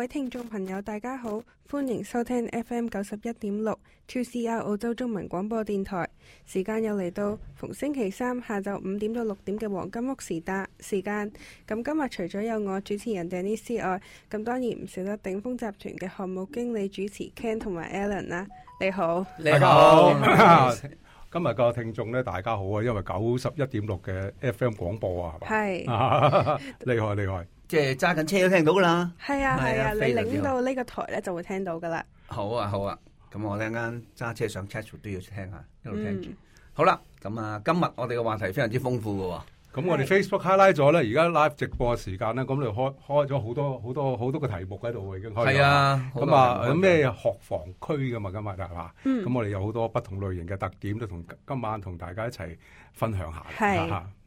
各位聽眾朋友，大家好，歡迎收聽 FM 九十一點六 2CR 澳洲中文廣播電台。時間又嚟到逢星期三下晝五點到六點嘅黃金屋時達時間。咁今日除咗有我主持人 Dennis 外，咁當然唔少得鼎豐集團嘅項目經理主持 Ken 同埋 Alan 啦。你好，你好。今日個聽眾咧，大家好啊，因為九十一點六嘅 FM 廣播啊，係咪？係，厲害厲害。即係揸緊車都聽到噶啦，係啊係啊,啊，你領到呢個台咧就會聽到噶啦。好啊好啊，咁我啱啱揸車上車士活都要聽下，一路聽住、嗯。好啦，咁啊，今日我哋嘅話題非常之豐富喎。咁我哋 Facebook highlight 咗咧，而家 live 直播嘅時間咧，咁就開開咗好多好多好多個題目喺度喎，已經開咗啊，咁啊，有咩學房區噶嘛，今晚係嘛？咁、嗯、我哋有好多不同類型嘅特點，都同今晚同大家一齊分享一下。係，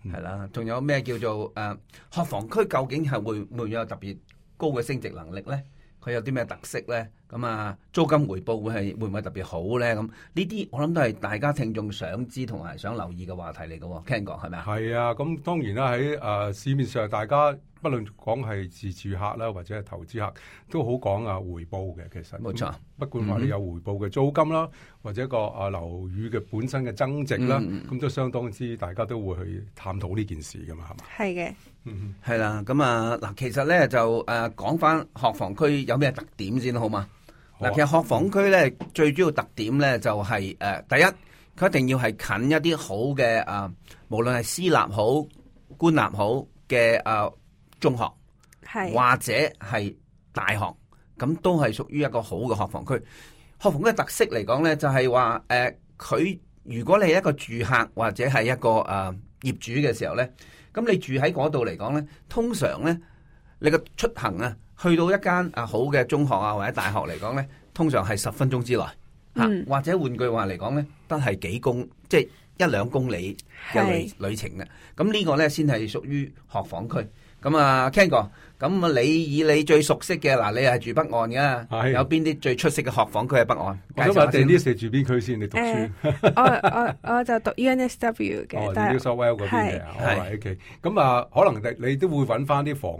係啦。仲、嗯啊、有咩叫做誒、啊、學房區？究竟係會會唔會有特別高嘅升值能力咧？佢有啲咩特色咧？咁啊，租金回報會係會唔係特別好咧？咁呢啲我諗都係大家聽眾想知同埋想留意嘅話題嚟嘅、嗯，聽講係咪啊？係啊！咁當然啦，喺誒市面上，大家不論講係自住客啦，或者係投資客，都好講啊回報嘅。其實冇錯、啊，不管話你有回報嘅租金啦、嗯，或者個啊樓宇嘅本身嘅增值啦，咁、嗯、都相當之大家都會去探討呢件事嘅嘛，係嘛？係嘅。嗯，係 啦，咁啊，嗱，其實咧就誒講返學房區有咩特點先好嘛？嗱、啊，其實學房區咧最主要特點咧就係、是、誒、呃，第一，佢一定要係近一啲好嘅、誒、呃，無論係私立好、官立好嘅、誒、呃、中學，係或者係大學，咁都係屬於一個好嘅學房區。學房區嘅特色嚟講咧，就係話誒，佢、呃，如果你係一個住客或者係一個誒、呃、業主嘅時候咧。咁你住喺嗰度嚟講呢，通常呢，你嘅出行啊，去到一間啊好嘅中學啊或者大學嚟講呢，通常係十分鐘之內，嗯、或者換句話嚟講呢，都係幾公，即、就、係、是、一兩公里嘅旅、旅程嘅。咁呢個呢，先係屬於學房區。咁啊，Ken 哥。咁啊，你以你最熟悉嘅，嗱，你係住北岸㗎，有邊啲最出色嘅學房區喺北岸？咁我哋呢時住邊區先？你讀書？我我我就讀 U N S W 嘅、 哦，但係 k 咁啊，可能你你都會揾翻啲房。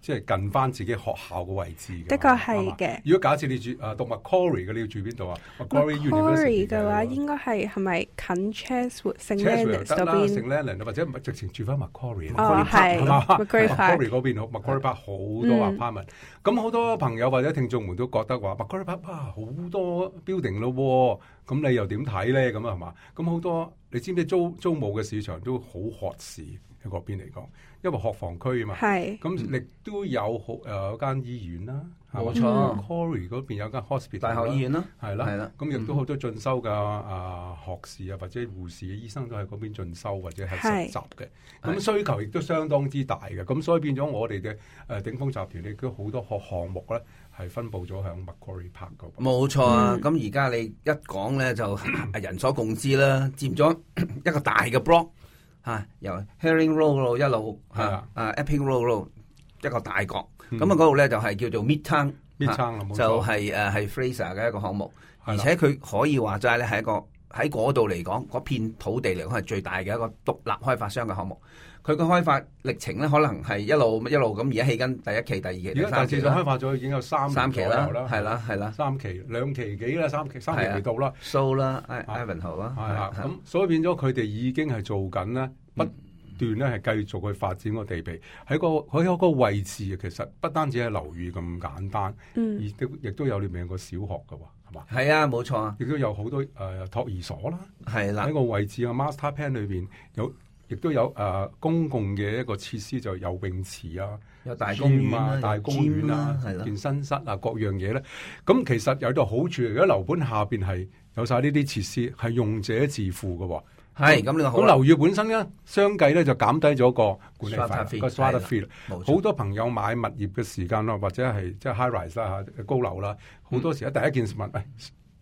即係近翻自己學校嘅位置嘅，的確係嘅。如果假設你住啊 m a c q u a r i e 嘅，你要住邊度啊？m a c q u a r i e 麥 Corrie 嘅話應該係係咪近 Chesswood？聖 l e o a r d 嗰邊？得啦，e o n a r 或者直情住翻 a c q u a r i e 哦、oh，係。麥 c u a r i e 嗰邊，a c q u a r i e 好多 a p a r t m e n t 咁好多朋友或者聽眾們都覺得話 a c q u a r i e p 哇好多 building 咯、啊，咁你又點睇咧？咁啊係嘛？咁好多你知唔知租租，租務嘅市場都好渴士喺嗰邊嚟講？因為學房區啊嘛，咁亦都有好誒，間、嗯呃、醫院啦、啊，冇錯、啊。嗯、Macquarie 嗰邊有間 hospital、啊、大學醫院咯、啊，係啦，係啦。咁亦都好多進修嘅、嗯、啊學士啊，或者護士嘅醫生都喺嗰邊進修或者係實習嘅。咁、嗯、需求亦都相當之大嘅。咁所以變咗我哋嘅誒鼎豐集團亦都好多學項目咧係分布咗響 Macquarie Park 嘅。冇錯、啊。咁而家你一講咧就人所共知啦，佔、嗯、咗一個大嘅 block。啊，由 Herring Road 路一路，啊，Epping Road 路一個大角，咁啊嗰度咧就係叫做 Midtown，Midtown 啊，冇錯，就係誒係 Fraser 嘅一個項目，而且佢可以話齋咧係一個。喺嗰度嚟講，嗰片土地嚟講係最大嘅一個獨立開發商嘅項目。佢嘅開發歷程咧，可能係一路一路咁而家起緊第一期、第二期。而家第四度開發咗，已經有三期了三期啦，係啦，係啦，三期、兩期幾啦，三期、三期嚟到啦。So 啦 Ivanhoe 啦，咁、啊啊啊啊啊、所以變咗佢哋已經係做緊咧，不斷咧係繼續去發展地、嗯、個地皮。喺個佢有個位置，其實不單止係樓宇咁簡單，嗯、而亦都有裏面有一個小學噶。係啊，冇錯啊，亦都有好多誒、呃、托兒所啦，喺、啊、個位置啊，Master Plan 裏邊有，亦都有誒、呃、公共嘅一個設施，就游、是、泳池啊，有大公園啊，有大公園，啊，有啊，大公園啊，啊，健身室啊，各樣嘢咧、啊。咁、啊、其實有個好處，如果樓盤下邊係有晒呢啲設施，係用者自負嘅。係咁你講好，咁樓宇本身咧相繼咧就減低咗個管理費個 strata fee 好多朋友買物業嘅時間啦，或者係即係、就是、high rise 啦高樓啦，好多時咧第一件事問。嗯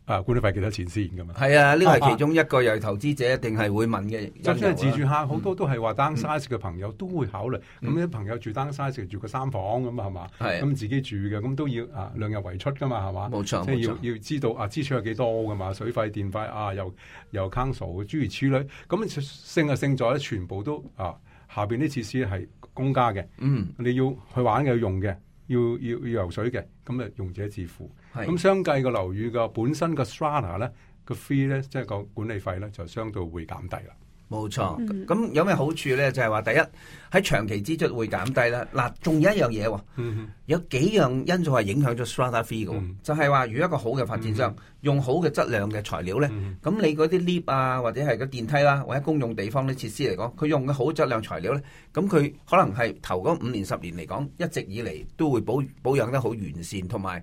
啊，管理費幾多錢先噶嘛？係啊，呢個係其中一個又係、啊啊、投資者一定係會問嘅、啊。就算係自住客，好、嗯、多都係話 downsize 嘅朋友都會考慮。咁、嗯、啲朋友住 downsize 住個三房咁、嗯、啊，係嘛？係。咁自己住嘅，咁都要啊量入為出噶嘛，係嘛？冇錯，即係要要知道啊，支出有幾多噶嘛？水費、電費啊，又又 council 諸如此類。咁升啊升咗，全部都啊下邊啲設施係公家嘅。嗯。你要去玩嘅要用嘅，要要要，要游水嘅，咁啊用者自負。咁相繼個樓宇嘅本身個 strata 咧個 fee 咧，即係個管理費咧，就相對會減低啦。冇錯，咁、嗯、有咩好處咧？就係、是、話第一喺長期支出會減低啦。嗱，仲有一樣嘢喎，有幾樣因素係影響咗 strata fee 嘅、嗯，就係、是、話如果一個好嘅發展商、嗯、用好嘅質量嘅材料咧，咁、嗯、你嗰啲 lift 啊，或者係個電梯啦、啊，或者公用地方啲設施嚟講，佢用嘅好質量材料咧，咁佢可能係頭嗰五年十年嚟講一直以嚟都會保保養得好完善，同埋，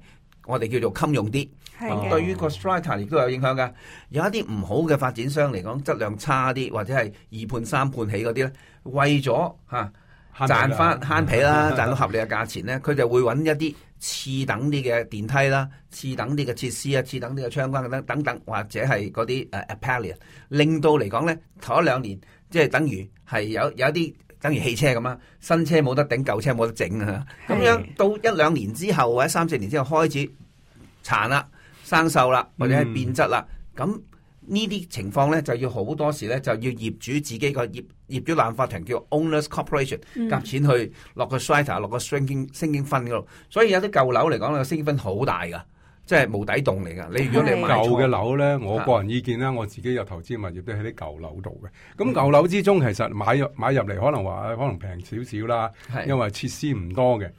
我哋叫做襟用啲，咁對於個、oh. strata 亦都有影響嘅。有一啲唔好嘅發展商嚟講，質量差啲，或者係二判三判起嗰啲咧，為咗嚇賺翻慳皮啦，賺到 合理嘅價錢咧，佢 就會揾一啲次等啲嘅電梯啦，次等啲嘅設施啊，次等啲嘅窗框等等等，或者係嗰啲誒 appliance 令到嚟講咧頭一兩年，即係等於係有有啲等於汽車咁啦，新車冇得頂，舊車冇得整啊，咁樣到一兩年之後或者三四年之後開始。殘啦、生鏽啦，或者係變質啦，咁、嗯、呢啲情況咧就要好多時咧就要業主自己個業業主立案法團叫 owners corporation 夾、嗯、錢去落個 writer 落個 singing s、嗯、i n 升經升經分嗰度，所以有啲舊樓嚟講咧升經分好大噶，即係冇底洞嚟噶。你如，如果你買舊嘅樓咧，我個人意見咧，我自己有投資物業都喺啲舊樓度嘅。咁舊樓之中，其實買入買入嚟可能話可能平少少啦，因為設施唔多嘅。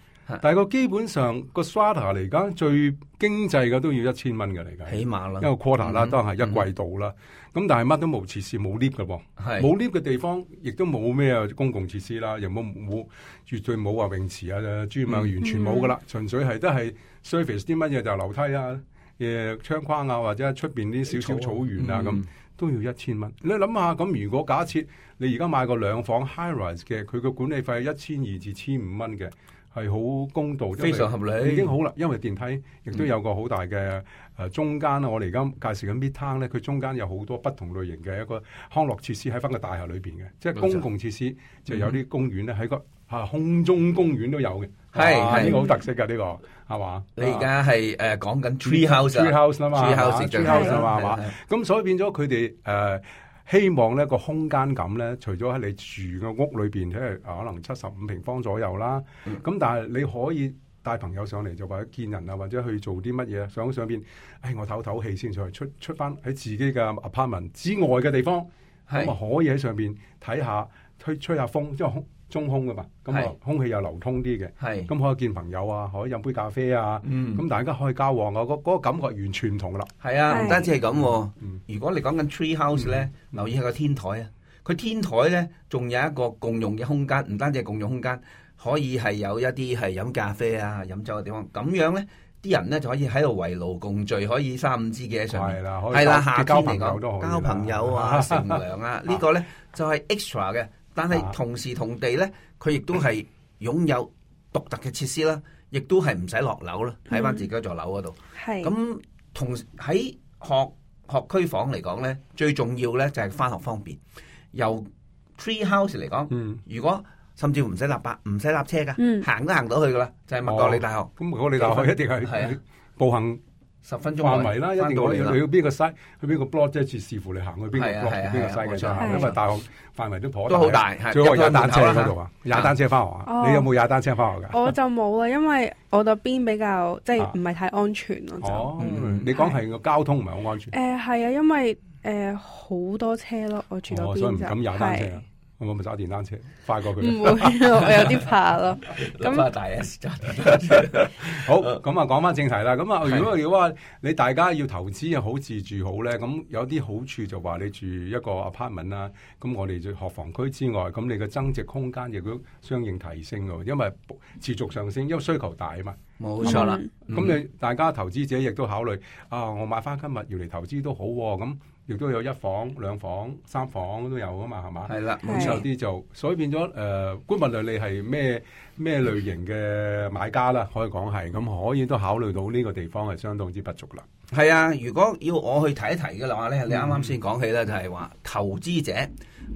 但係個基本上、個 strata 嚟講最經濟嘅都要一千蚊嘅嚟嘅，起碼啦，因為 quarter 啦都係一季度啦。咁、嗯、但係乜都冇設施冇 lift 嘅喎，冇 lift 嘅地方亦都冇咩公共設施啦，又冇冇絕對冇話泳池啊、專門、嗯、完全冇嘅啦，純粹係都係 service 啲乜嘢就係、是、樓梯啊、誒窗框啊或者出邊啲少少草原啊咁、嗯、都要一千蚊。你諗下咁，如果假設你而家買個兩房 high rise 嘅，佢個管理費一千二至千五蚊嘅。係好公道，非常合理，已經好啦。因為電梯亦都有個好大嘅誒、嗯呃、中間啊！我哋而家介紹緊 Midtown 咧，佢中間有好多不同類型嘅一個康樂設施喺翻個大樓裏邊嘅，即係公共設施就有啲公園咧，喺、嗯、個嚇空中公園都有嘅，係，係好特色㗎呢個係嘛？你而家係誒講緊 tree house、就是、tree house 啦嘛 tree house tree house 嘛係嘛？咁、就是、所以變咗佢哋誒。呃希望咧、個空間感咧，除咗喺你住嘅屋裏邊，即係可能七十五平方左右啦。咁、嗯、但係你可以帶朋友上嚟，就或者見人啊，或者去做啲乜嘢啊。想上上邊，誒、哎、我透透氣先，再出出翻喺自己嘅 apartment 之外嘅地方，咁啊可以喺上邊睇下，去吹下風，即係空。中空嘅嘛，咁啊，空氣又流通啲嘅，咁可以見朋友啊，可以飲杯咖啡啊，咁、嗯、大家可以交往啊，嗰、嗰個嗰個感覺完全唔同啦。係啊，唔單止係咁、啊嗯，如果你講緊 tree house 咧、嗯，留意下個天台啊，佢天台咧仲有一個共用嘅空間，唔單止係共用空間，可以係有一啲係飲咖啡啊、飲酒嘅地方，咁樣咧，啲人咧就可以喺度圍爐共聚，可以三五知己喺上面，係啦、啊，可以交啊、夏天嚟交朋友都好。交朋友啊、乘涼啊， 個呢個咧就係、是、extra 嘅。但係同時同地咧，佢亦都係擁有獨特嘅設施啦，亦都係唔使落樓啦，喺翻自己座樓嗰度。咁、嗯、同喺學學區房嚟講咧，最重要咧就係翻學方便。由 Tree House 嚟講、嗯，如果甚至唔使搭巴士，唔使搭車噶、嗯，行都行到去噶啦，就係、是、麥覺理大學。咁、哦、麥覺理大學一定去、啊，步行。十分鐘範圍啦，一定要去邊個 side，去邊個 block 即係視乎你行去邊個 block，邊個 side 嘅啫、啊啊啊。因為大學範圍都頗都好大、啊。最好踩單車嗰度啊，踩、啊啊啊啊、單車翻學啊、哦？你有冇踩單車翻學㗎？我就冇啊,、嗯、啊，因為、呃、我度邊比較即係唔係太安全咯。哦，你講係個交通唔係好安全。誒係啊，因為誒好多車咯，我住嗰邊就係。我咪揸電單車快過佢。唔會，我有啲怕咯。咁啊大 S 揸好，咁啊講翻正題啦。咁啊，如果要話你大家要投資又好自住好咧，咁有啲好處就話你住一個 apartment 啦。咁我哋就學區房之外，咁你嘅增值空間亦都相應提升嘅，因為持續上升，因為需求大啊嘛。冇錯啦。咁、嗯、你大家投資者亦都考慮啊，我買翻今日要嚟投資都好咁、啊。亦都有一房、兩房、三房都有噶嘛，係嘛？係啦，冇錯，啲就所以變咗誒，觀、呃、物類你係咩咩類型嘅買家啦，可以講係咁，咁可以都考慮到呢個地方係相當之不足啦。係啊，如果要我去提一提嘅話咧、嗯，你啱啱先講起咧，就係話投資者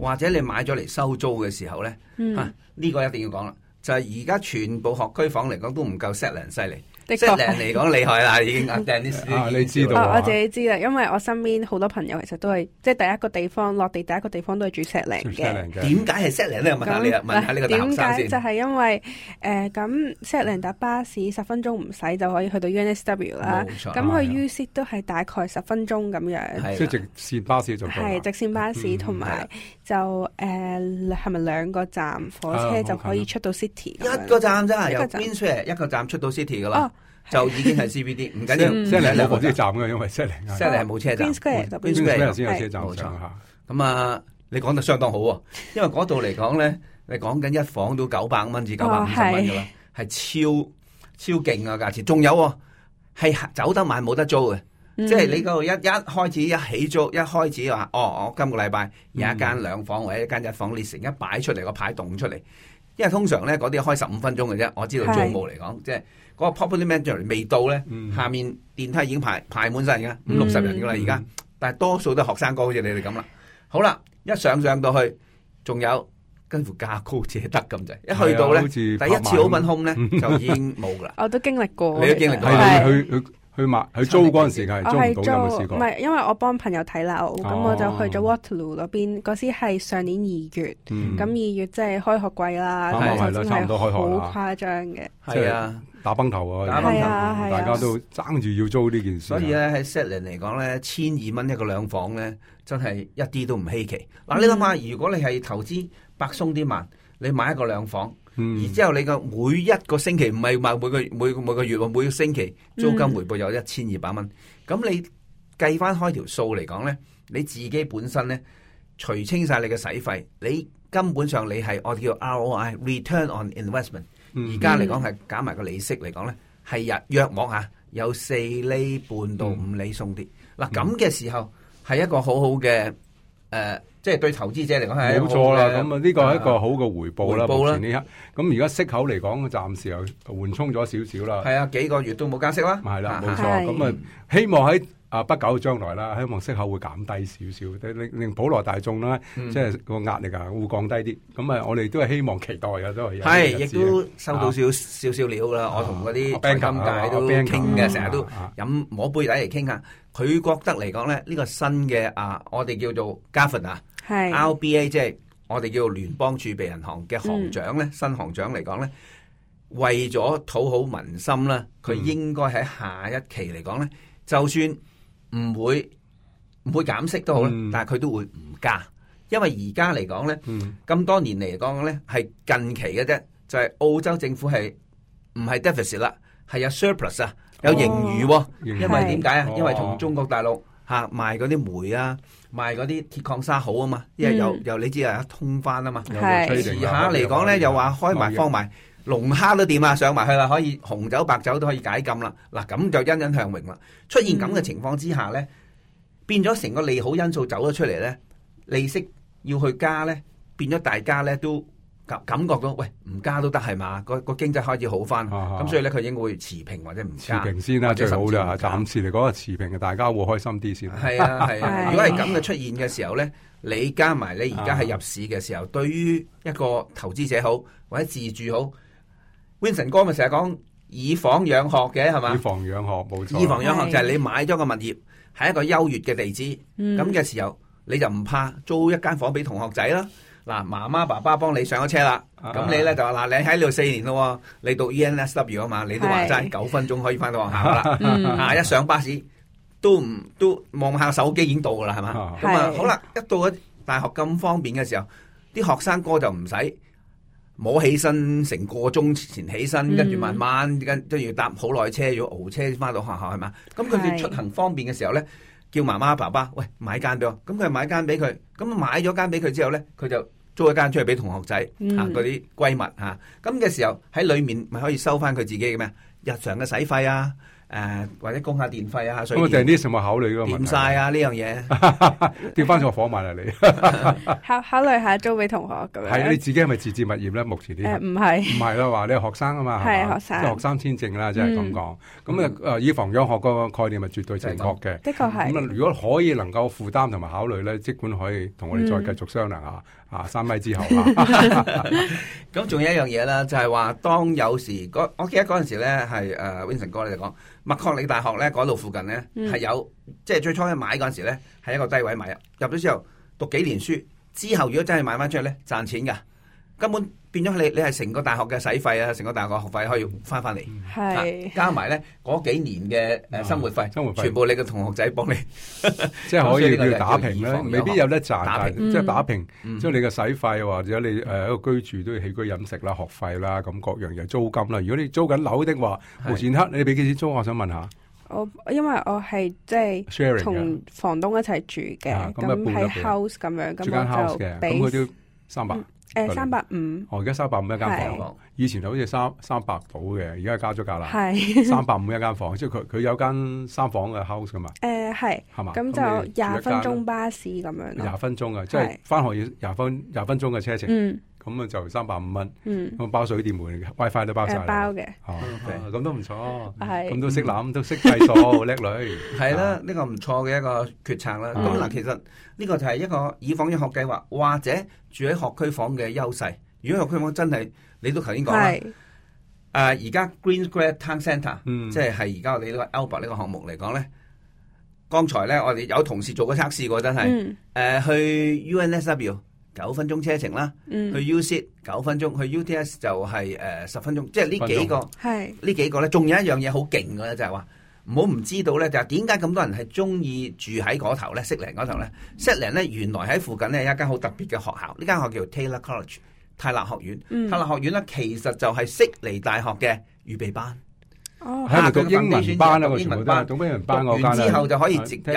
或者你買咗嚟收租嘅時候咧、嗯，啊呢、呢個一定要講啦，就係而家全部學區房嚟講都唔夠 Zetland 犀利。即係人嚟講厲害啦， 已經訂啲書，你知道、啊、我自己知啦，因為我身邊好多朋友其實都係，即係第一個地方落地，第一個地方都係住石嶺嘅。點解係石嶺咧？問一下你，、嗯、問一下你啊，問下呢個答生先。咁點解就係因為誒咁、呃、石嶺搭巴士十分鐘唔使就可以去到 UNSW 啦。咁去 UTS 都係大概十分鐘咁樣。即係直線巴士就係直線巴士同埋。嗯就誒係咪兩個站火車就可以出到 city 一個站啫，由邊出嚟一個站出到 city 噶啦、哦，就已經係 CBD。唔緊要，即係冇車站嘅，因為即係你係冇車站。先有車站咁啊，就嗯、你講得相當好喎、啊， 因為嗰度嚟講咧，你講緊一房都九百蚊至九百五十蚊嘅啦，係、哦、超超勁啊價錢。仲有喎、啊，係走得買冇得租嘅。嗯、即係你嗰度一一開始一起租，一開始話哦，我今個禮拜有一間兩房或者一間一房列成一擺出嚟個牌棟出嚟，因為通常咧嗰啲開十五分鐘嘅啫，我知道租務嚟講，即係嗰、那個 property manager 未到咧、嗯，下面電梯已經排排滿晒噶，五六十人噶啦而家，但係多數都係學生哥好似你哋咁啦，好啦，一上上到去，仲有跟乎價高者得咁滯，一去到咧、啊，第一次 open home 咧就已經冇噶啦， 我都經歷過，你都經歷過，係去買去租嗰陣時，佢係租唔係因為我幫朋友睇樓，咁、哦、我就去咗 Waterloo 嗰邊，嗰時係上年二月，咁、嗯、二月即係開學季啦、嗯，差唔多開學啦，好誇張嘅。係啊、就是、啊，啊，打崩頭啊，啊！大家都爭住要租呢件事、啊。所以咧喺 Zetland 嚟講咧，千二蚊一個兩房咧，真係一啲都唔稀奇。嗱、嗯，你諗下，如果你係投資百鬆啲萬，你買一個兩房。然、嗯、之後你嘅每一個星期唔係話每個每每個月，每個，月每個星期租金回報有、嗯、一千二百蚊，咁你計翻開條數嚟講咧，你自己本身咧除清晒你嘅使費，你根本上你係我叫 ROI Return on Investment，而家嚟講係減埋個利息嚟講咧，係日約莫吓有四厘半到五厘送啲。嗱咁嘅時候係一個好好嘅誒。呃即係對投資者嚟講係冇錯啦，咁啊呢個係一個好嘅回報啦。目前呢刻，咁而家息口嚟講暫時又緩衝咗少少啦。係啊，幾個月都冇加息啦。係啦，冇錯。咁啊，希望喺啊不久嘅將來啦，希望息口會減低少少，令令普羅大眾啦，即係個壓力啊會降低啲。咁啊，我哋都係希望期待啊，都係係亦都收到少少少料啦。我同嗰啲銀行界都傾嘅，成日都飲摸杯底嚟傾啊。佢覺得嚟講咧，呢個新嘅啊，我哋叫做加幅啊。係 RBA 即係我哋叫聯邦儲備銀行嘅行長咧、嗯，新行長嚟講咧，為咗討好民心啦，佢應該喺下一期嚟講咧，就算唔會唔會減息都好啦、嗯，但係佢都會唔加，因為而家嚟講咧，咁、嗯、多年嚟講咧，係近期嘅啫，就係、是、澳洲政府係唔係 deficit 啦，係有 surplus 啊，有盈餘喎、哦哦，因為點解啊？因為從中國大陸。吓、啊、賣嗰啲煤啊，賣嗰啲鐵礦砂好啊嘛，因為又又你知啊，通翻啊嘛，時、嗯、下嚟講咧又話開埋放埋龍蝦都掂啊，上埋去啦，可以紅酒白酒都可以解禁啦，嗱、啊、咁就欣欣向榮啦。出現咁嘅情況之下咧、嗯，變咗成個利好因素走咗出嚟咧，利息要去加咧，變咗大家咧都。感覺覺到，喂，唔加都得係嘛？個個經濟開始好翻，咁、啊、所以咧，佢應該會持平或者唔加。持平先啦、啊，最好就暫暫時嚟講係持平嘅，大家會開心啲先。係啊係啊，啊 如果係咁嘅出現嘅時候咧，你加埋你而家係入市嘅時候、啊，對於一個投資者好或者自住好 Vincent 哥咪成日講以房養學嘅係嘛？以房養學冇錯，以房養學就係你買咗個物業係一個優越嘅地址咁嘅時候，你就唔怕租一間房俾同學仔啦。嗱，媽媽爸爸幫你上咗車啦，咁、uh, 你咧、uh, 就嗱，你喺呢度四年咯，你讀 UNSW 啊嘛，uh, 你都話齋九分鐘可以翻到學校啦。嗱、uh, um，一上巴士都唔都望下手機已經到噶啦，係嘛？咁、uh, 啊、uh, 好啦，一到咗大學咁方便嘅時候，啲學生哥就唔使冇起身成個鐘前起身，uh, 跟住慢慢跟都要搭好耐車，要熬車翻到學校係嘛？咁佢哋出行方便嘅時候咧，叫媽媽爸爸喂買間俾我，咁佢買間俾佢，咁買咗間俾佢之後咧，佢就，租一間出去俾同學仔，吓嗰啲閨蜜吓，咁、啊、嘅、啊、時候喺裏面咪可以收翻佢自己嘅咩日常嘅使費啊，誒、呃、或者供下電費啊，咁以定啲什麼考慮咯？掂晒啊呢、啊、樣嘢， 掉翻座火埋嚟、啊 ，考考慮下租俾同學咁樣。係你自己係咪自置物業咧？目前啲唔係唔係啦，話你係學生啊嘛，係學生，就是、學生簽證啦，即係咁講。咁、就、啊、是，誒、嗯，以房養學個概念咪絕對正確嘅、就是，的確係。咁、嗯、啊，如果可以能夠負擔同埋考慮咧，即管可以同我哋再繼續商量下。嗯啊，三米之後啦、啊。咁 仲 有一樣嘢啦，就係、是、話當有時我記得嗰陣時咧係誒 Vincent 哥你就講，麥覺理大學咧嗰度附近咧係、嗯、有，即係最初喺買嗰陣時咧係一個低位買入，入咗之後讀幾年書之後，如果真係買翻出去咧，賺錢噶，根本。變咗你，你係成個大學嘅使費啊，成個大學嘅學費可以翻翻嚟，加埋咧嗰幾年嘅誒生活費，全部你嘅同學仔幫你，即 係可以去打平啦，未必有得賺，即係打平，打平嗯、即係、嗯嗯、你嘅使費或者你誒、嗯呃、一個居住都要起居飲食啦、學費啦，咁各樣嘢租金啦。如果你租緊樓的話，目前黑，你俾幾錢租？我想問下，我因為我係即係同房東一齊住嘅，咁、啊、house 咁樣咁就俾三百。Base，誒，三百五。3005，哦，而家三百五一間房，以前就好似三三百到嘅，而家加咗價啦。係。三百五一間房，即係佢佢有間三房嘅 house 㗎嘛。誒、呃，係。係嘛？咁、嗯嗯、就廿分鐘巴士咁樣。廿分鐘啊，即係返學要廿分廿分鐘嘅車程。咁啊就三百五蚊，咁、嗯、包水電煤，WiFi 都包晒啦。包嘅，咁、啊、都唔錯，咁都識諗，都識計數，叻 女。係啦，呢、啊，這個唔錯嘅一個決策啦。咁、嗯、嗱，其實呢個就係一個以房入學計劃或者住喺學區房嘅優勢。如果學區房真係，你都頭先講啦。誒，而、呃、家 Green Square Town Centre、嗯、即係係而家我哋呢個 Albert 呢個項目嚟講咧，剛才咧我哋有同事做過測試過，真係，誒、嗯呃、去 UNSW。九分鐘車程啦、嗯，去 U C 九分鐘，去 U T S 就係、呃、十分鐘，即係呢幾個，呢幾個咧，仲有一樣嘢好勁嘅咧，就係話唔好唔知道咧，就係點解咁多人係中意住喺嗰頭咧，悉尼嗰頭咧，悉尼咧原來喺附近咧有一間好特別嘅學校，呢間學校叫 Taylor College 泰勒學院，嗯、泰勒學院咧其實就係悉尼大學嘅預備班。啊，係咪讀英文班啊？啦，嗰個讀英文班嗰間之後就可以直入，係、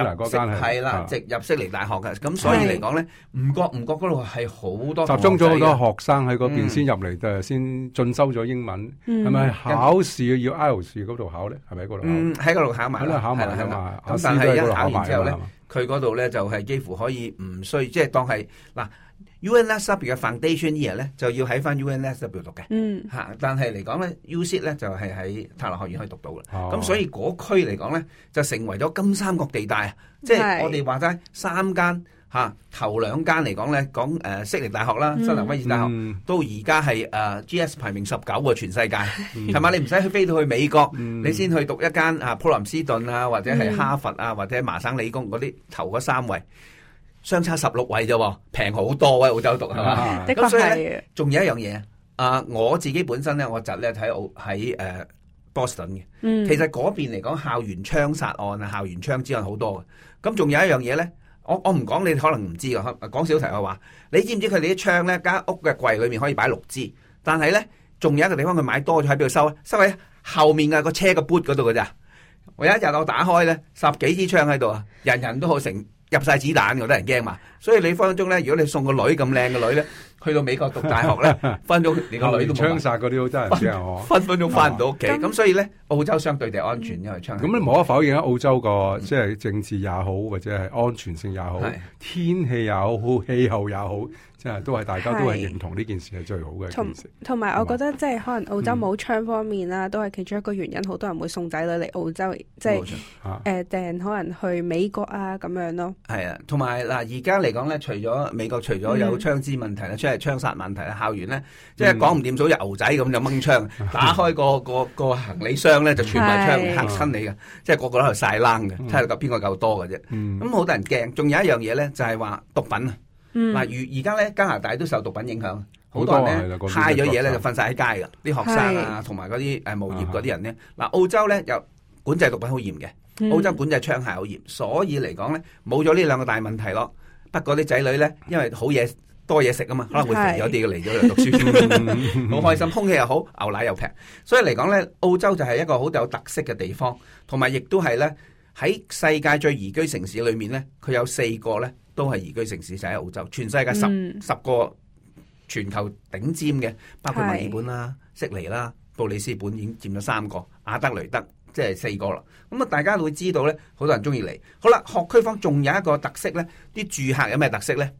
啊、啦、啊啊，直入悉尼大學嘅。咁、啊、所以嚟講咧，唔覺唔覺嗰度係好多集中咗好多學生喺嗰邊先入嚟，誒、嗯、先進修咗英文，係、嗯、咪考試要 IELTS 嗰度考咧？係咪嗰度？嗯，喺嗰度考埋，係係考埋，嗯、考埋。咁、啊啊啊、但係一考完之後咧，佢嗰度咧就係幾乎可以唔需，即、嗯、係、就係、當係嗱。啊 UNSW 嘅 foundation year 呢 r 咧就要喺翻 UNSW 讀嘅、嗯，但係嚟講咧 u c 呢、UC、就係喺泰蘭學院可以讀到啦。咁、哦、所以嗰區嚟講咧，就成為咗金三角地帶。即、就、係、是、我哋話齋三間嚇、啊、頭兩間嚟講咧，講誒悉尼大學啦、新、嗯、南威爾大學，到而家係 GS 排名十九喎全世界，係、嗯、嘛？你唔使去飛到去美國、嗯，你先去讀一間啊普林斯頓啊，或者係哈佛啊，嗯、或者麻省理工嗰啲頭嗰三位。相差十六位啫，平好多喎、啊！澳洲讀係嘛，的確係。咁所以仲有一樣嘢、呃，我自己本身咧，我侄咧睇澳喺誒 Boston 嘅。嗯、其實嗰邊嚟講，校園槍殺案啊，校園槍之案好多嘅。咁仲有一樣嘢咧，我我唔講你可能唔知㗎。講少題嘅話，你知唔知佢哋啲槍咧，間屋嘅櫃裏面可以擺六支，但係咧，仲有一個地方佢買多咗喺邊度收啊？收喺後面嘅個車嘅 boot 嗰度嘅咋？我一日我打開咧，十幾支槍喺度啊，人人都好成。入晒子彈，我得人驚嘛，所以你分分鐘咧，如果你送個女咁靚嘅女咧，去到美國讀大學咧， 分咗你個女都槍殺嗰啲好得人驚，我分分鐘翻唔到屋企，咁、哦、所以咧澳洲相對地安全，嗯、因為槍咁你冇得否認啊，澳洲個即係政治也好，或者係安全性也好，天氣也好，氣候也好。即係都係，大家都係認同呢件事係最好嘅一件事。同埋，同我覺得即係可能澳洲冇槍方面啦、嗯，都係其中一個原因，好多人會送仔女嚟澳洲，即係誒訂可能去美國啊咁樣咯。係啊，同埋嗱，而家嚟講咧，除咗美國除咗、嗯，除咗有槍支問題啦，即係槍殺問題啊，校園咧，即係講唔掂數牛仔咁就掹槍， 打開個個個,個行李箱咧，就全係槍嚇親你嘅，即係個個喺度晒冷嘅，睇下夠邊個夠多嘅啫。咁、嗯、好、嗯、多人驚，仲有一樣嘢咧，就係、係、話毒品啊。嗱、嗯，而而家咧，加拿大都受毒品影響，好多嘢，high 咗嘢咧就瞓晒喺街噶，啲學生啊，同埋嗰啲誒無業嗰啲人咧。嗱，澳洲咧又管制毒品好嚴嘅，澳洲管制槍械好嚴，所以嚟講咧冇咗呢兩個大問題咯。不過啲仔女咧，因為好嘢多嘢食啊嘛，可能會肥咗啲。嚟咗度讀書，好 開心，空氣又好，牛奶又平，所以嚟講咧，澳洲就係一個好有特色嘅地方，同埋亦都係咧，喺世界最宜居城市裏面咧，佢有四個咧。都係宜居城市就喺、是、澳洲，全世界十、嗯、十個全球頂尖嘅，包括墨爾本啦、悉尼啦、布里斯本已經佔咗三個，阿德雷德即係四個啦。咁啊，大家會知道咧，好多人中意嚟。好啦，學區房仲有一個特色咧，啲住客有咩特色咧？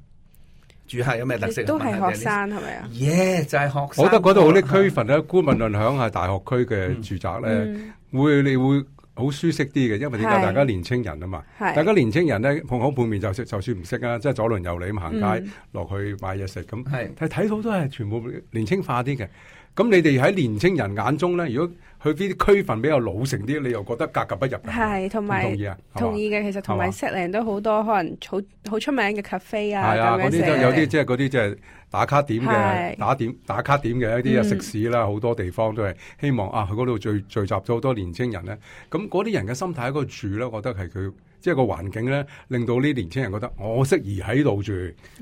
住客有咩特、特色？你都係學生係咪啊？Yes 就係學生。我覺得嗰度好啲區份咧，孤民論響係大學區嘅住宅咧、嗯，會你會。好舒適啲嘅，因為點解大家年青人啊嘛？大家年青人咧碰口碰面就識，就算唔識啊，即係左鄰右里咁行街落、嗯、去買嘢食咁。係，係睇到都係全部年青化啲嘅。咁你哋喺年青人眼中咧，如果去啲區份比較老成啲，你又覺得格格不入。係，同埋同意啊，同意嘅。其實同埋 Zetland 都好多可能好好出名嘅 cafe 啊。係啊，嗰啲都有啲即係嗰啲即係。打卡點嘅打點打卡點嘅一啲嘅食肆啦，好、嗯、多地方都係希望啊，去嗰度聚聚集咗好多年青人咧。咁嗰啲人嘅心態喺度住咧，覺得係佢即係個環境咧，令到啲年青人覺得我適宜喺度住，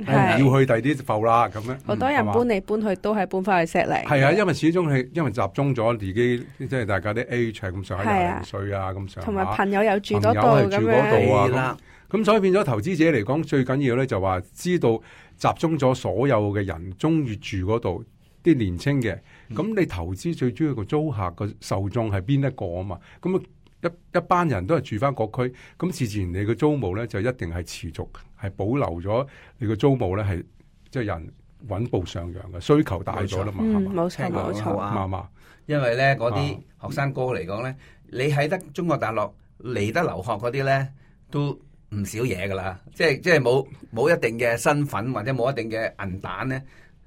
我唔要去第啲埠啦。咁呢好多人搬嚟搬去、嗯、都係搬翻去 Zetland，係啊，因為始終係因為集中咗自己，即係大家啲 age 咁上廿零歲啊，咁上同埋朋友有住嗰度咁樣。咁所以變咗投資者嚟講，最緊要咧就話知道集中咗所有嘅人中意住嗰度啲年青嘅。咁你投資最主要個租客個受眾係邊一個啊嘛？咁一一班人都係住翻個區，咁自然你個租務咧就一定係持續係保留咗你個租務咧係即係人穩步上揚嘅需求大咗啦嘛，冇錯冇錯，冇錯啊嘛。因為咧嗰啲學生哥嚟講咧，你喺得中國大陸嚟得留學嗰啲咧都。唔少嘢噶啦，即係即係冇冇一定嘅身份或者冇一定嘅銀彈咧，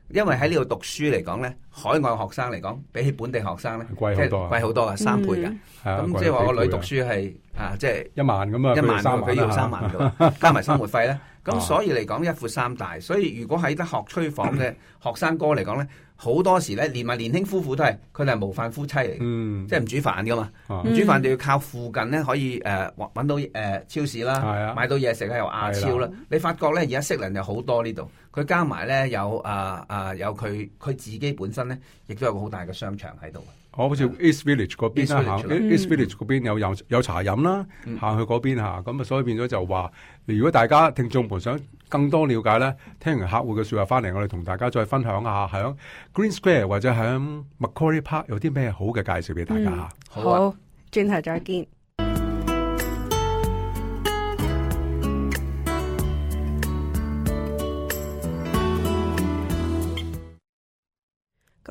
因為喺呢度讀書嚟講咧，海外學生嚟講比起本地學生咧貴好多，貴好多啊，就係、多的三倍㗎，咁即係話個女讀書係啊，即係一萬咁啊，一萬佢要、啊、三萬到、啊，三萬 加埋生活費咧。 咁所以嚟講一闊三大、啊，所以如果喺得學區房嘅學生哥嚟講咧，好多時咧連埋年輕夫婦都係佢哋係無飯夫妻嚟、嗯，即係唔煮飯噶嘛，唔、啊、煮飯就要靠附近咧可以誒揾、呃、到、呃、超市啦，買到嘢食又亞超啦。你發覺咧而家識人有好多呢度，佢加埋咧有啊啊有佢佢自己本身咧，亦都有個好大嘅商場喺度。我好似 East Village 嗰邊啦、啊、，行 East Village 嗰、嗯、邊有有茶飲啦，嗯、行去嗰邊咁啊，所以變咗就話，如果大家聽眾們想更多了解咧，聽完客戶嘅説話翻嚟，我哋同大家再分享一下，喺 Green Square 或者喺 Macquarie Park 有啲咩好嘅介紹俾大家嚇、嗯啊。好，轉頭再見。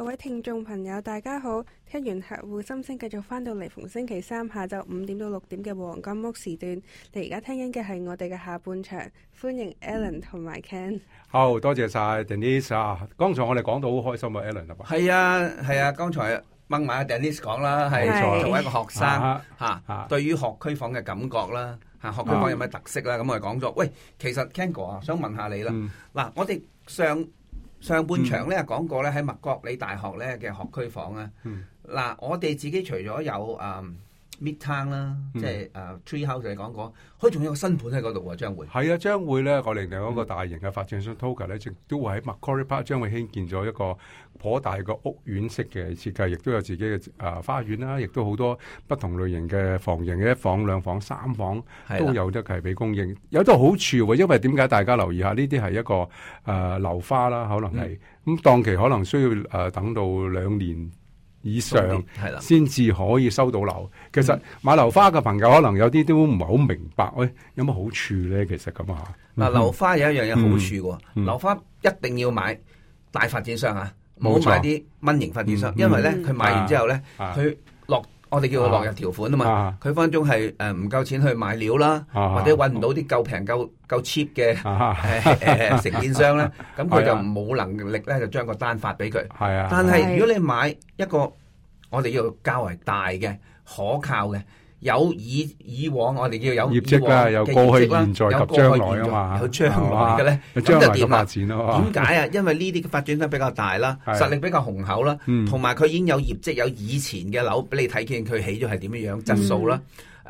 各位聽眾朋友，大家好！聽完客戶心聲，繼續翻到嚟，逢星期三下晝五點到六點嘅黃金屋時段。你而家聽緊嘅係我哋嘅下半場，歡迎 Alan 同埋 Ken。好多謝晒 Denise 啊！剛才我哋講到好開心啊，Alan 啊。係啊係啊，剛才掹埋阿 Denise 講啦，係作為一個學生吓，對於學區房嘅感覺啦，吓學區房有咩特色啦，咁我哋講咗。喂，其實 Ken 哥啊，想問下你啦。嗱，我哋上上半場呢，講過呢，喺麥覺理大學呢嘅學區房啊，嗱、嗯，我哋自己除咗有 Midtown 啦、嗯，即係啊 Tree House 你講講，佢仲有一個新盤喺嗰度，將會係啊將會咧，我哋另一個大型嘅發展商 Toka 咧，都會喺 Macquarie Park 將會興建咗一個頗大嘅屋苑式嘅設計，亦都有自己嘅啊花園啦，亦都好多不同類型嘅房型嘅一房、兩房、三房都有得契俾供應，啊、有啲好處喎。因為點解大家留意一下呢啲係一個啊、呃、樓花啦，可能係咁、嗯、當期可能需要啊等到兩年。以上係啦，先至可以收到樓。其實買樓花嘅朋友可能有啲都唔係好明白，喂、哎，有乜好處咧？其實咁啊，嗱、嗯，樓花有一樣嘢好處嘅、嗯嗯，樓花一定要買大發展商啊，冇、嗯、買啲蚊型發展商，因為咧佢、嗯、買完之後咧佢。啊啊他我哋叫佢落日條款啊嘛，佢、啊、分分鐘係誒唔夠錢去買料啦，啊、或者揾唔到啲夠平、夠夠 cheap 嘅誒誒承建商咧，咁 佢就冇能力咧就將個單發俾佢。係啊，但係如果你買一個我哋要較為大嘅可靠嘅。有以以往我哋叫有業績啊，有過去、現在及將來啊嘛，有將來嘅咧，啊、將來嘅發展咯。點解啊？為 因為呢啲發展得比較大啦，實力比較雄厚啦，同埋佢已經有業績，有以前嘅樓俾你睇見佢起咗係點樣樣質素啦。誒、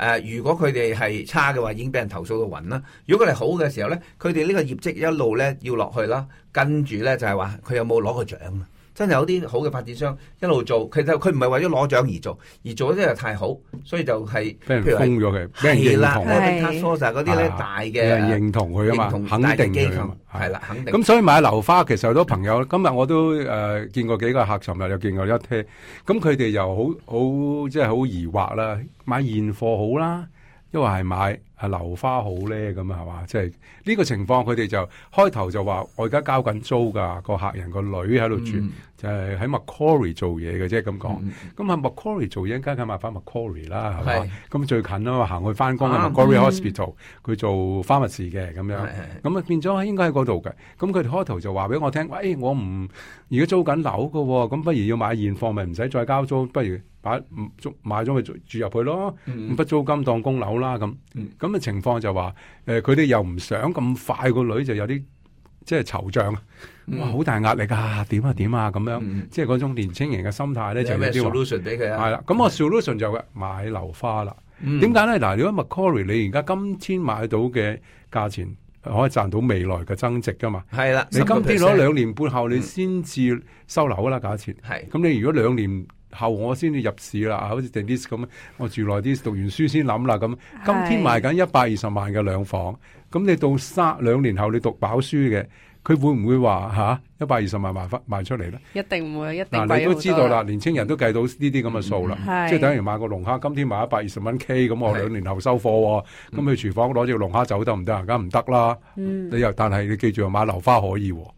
嗯啊，如果佢哋係差嘅話，已經俾人投訴到暈啦。如果佢哋好嘅時候咧，佢哋呢個業績一路咧要落去啦。跟住咧就係話，佢有冇攞過獎啊？跟住有啲好嘅發展商一路做，其實佢唔係為咗攞獎而做，而做嘅真係太好，所以就係，畀人封咗佢，係啦，係，拖實嗰啲咧大嘅，認同佢啊嘛，肯定佢啊，係啦，肯定。咁所以買樓花其實好多朋友今日我都誒見過幾個客，尋日又見過一梯，咁佢哋又好好即係好疑惑啦，買現貨好啦，因為係買？係樓花好咧，咁啊係嘛？即係呢個情況，佢哋就開頭就話：我而家交緊租㗎，個客人個女喺度住，嗯、就係喺 Macquarie 做嘢嘅啫。咁講，咁係 Macquarie 做嘢，一間梗係買翻 Macquarie 啦，係咪？咁最近走去啊嘛，行去翻工係 Macquarie Hospital，佢、啊嗯、做 pharmacy 嘅咁樣。咁啊變咗應該喺嗰度嘅。咁佢哋開頭就話俾我聽，喂、哎，我唔而家租緊樓嘅，咁不如要買現貨咪唔使再交租，不如把租買咗咪住入去咯，唔不，不租金當供樓啦咁。咁咁嘅情況就話，誒佢哋又唔想咁快個女就有啲即係惆悵，嗯、哇好大壓力啊！點啊點啊咁樣，嗯、即係嗰種年輕人嘅心態咧就係啲咩 solution 俾佢啊？係啦，咁我嘅 solution 就買樓花啦。點解咧？嗱，如果 Macquarie 你而家今天買到嘅價錢，可以賺到未來嘅增值㗎嘛？係啦，你今天攞兩年半後，嗯、你先至收樓啦，價錢。係。咁你如果兩年後我先至入市啦，啊，好似 Teddy 咁，我住耐啲，讀完書先諗啦咁。今天賣緊一百二十萬嘅兩房，咁你到三兩年後你讀飽書嘅，佢會唔會話吓一百二十萬賣翻賣出嚟咧？一定唔會，一定貴好多。嗱，你都知道啦，年青人都計到呢啲咁嘅數啦，即係等於買個龍蝦，今天買一百二十蚊 K，咁我兩年後收貨、哦，咁、嗯、去廚房攞隻龍蝦走得唔得啊？梗唔得啦。你、嗯、又但係你記住買樓花可以、哦。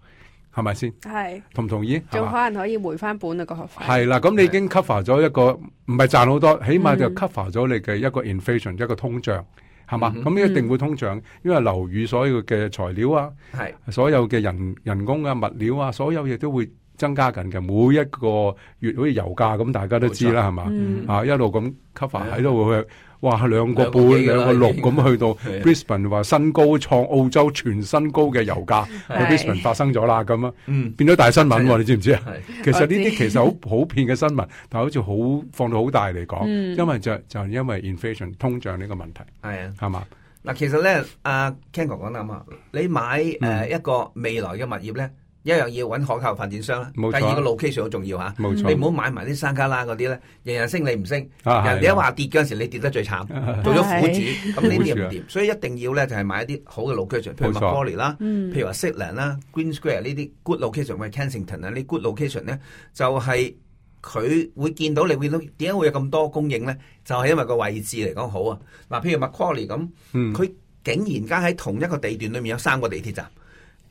係咪先？係同唔同意？仲可能可以回翻本啊個學費？係啦，咁你已經 cover 咗一個，唔係賺好多，起碼就 cover 咗你嘅一個 inflation、嗯、一個通脹，係嘛？咁、嗯、你一定會通脹、嗯，因為樓宇所有嘅材料啊，係所有嘅人人工啊、物料啊，所有嘢都會增加緊嘅。每一個月好似油價咁，大家都知啦，係嘛、嗯？啊，一路咁 cover 喺度去。哇，兩個半，兩個六咁去到 Brisbane，話新高創澳洲全新高嘅油價喺 Brisbane 發生咗啦，咁啊，變咗大新聞喎！你知唔知啊？其實呢啲其實好普遍嘅新聞，但係好似好放到好大嚟講，因為就就係因為 inflation 通脹呢個問題，係啊，係嘛？嗱，其實咧，阿 Ken 哥講得啱啊！你買誒一個未來嘅物業咧。一樣要揾可靠的發展商啦，第二個 location 好重要嚇，你唔好買埋啲山卡拉嗰啲咧，人人升你唔升，啊、人哋一話跌嗰陣時，你跌得最慘，做咗苦主。咁你掂唔掂？所以一定要咧，就係買一啲好嘅 location，譬如 m c 爾本啦，譬如話 Sydney 啦、嗯、Sitland, Green Square 呢啲 good location，譬如 c a n t t o n 啊，呢 good location 咧就係佢會見到你會點解會有咁多供應咧？就係、是、因為個位置嚟講好啊。嗱，譬如墨爾 e 咁，佢、嗯、竟然間喺同一個地段裏面有三個地鐵站。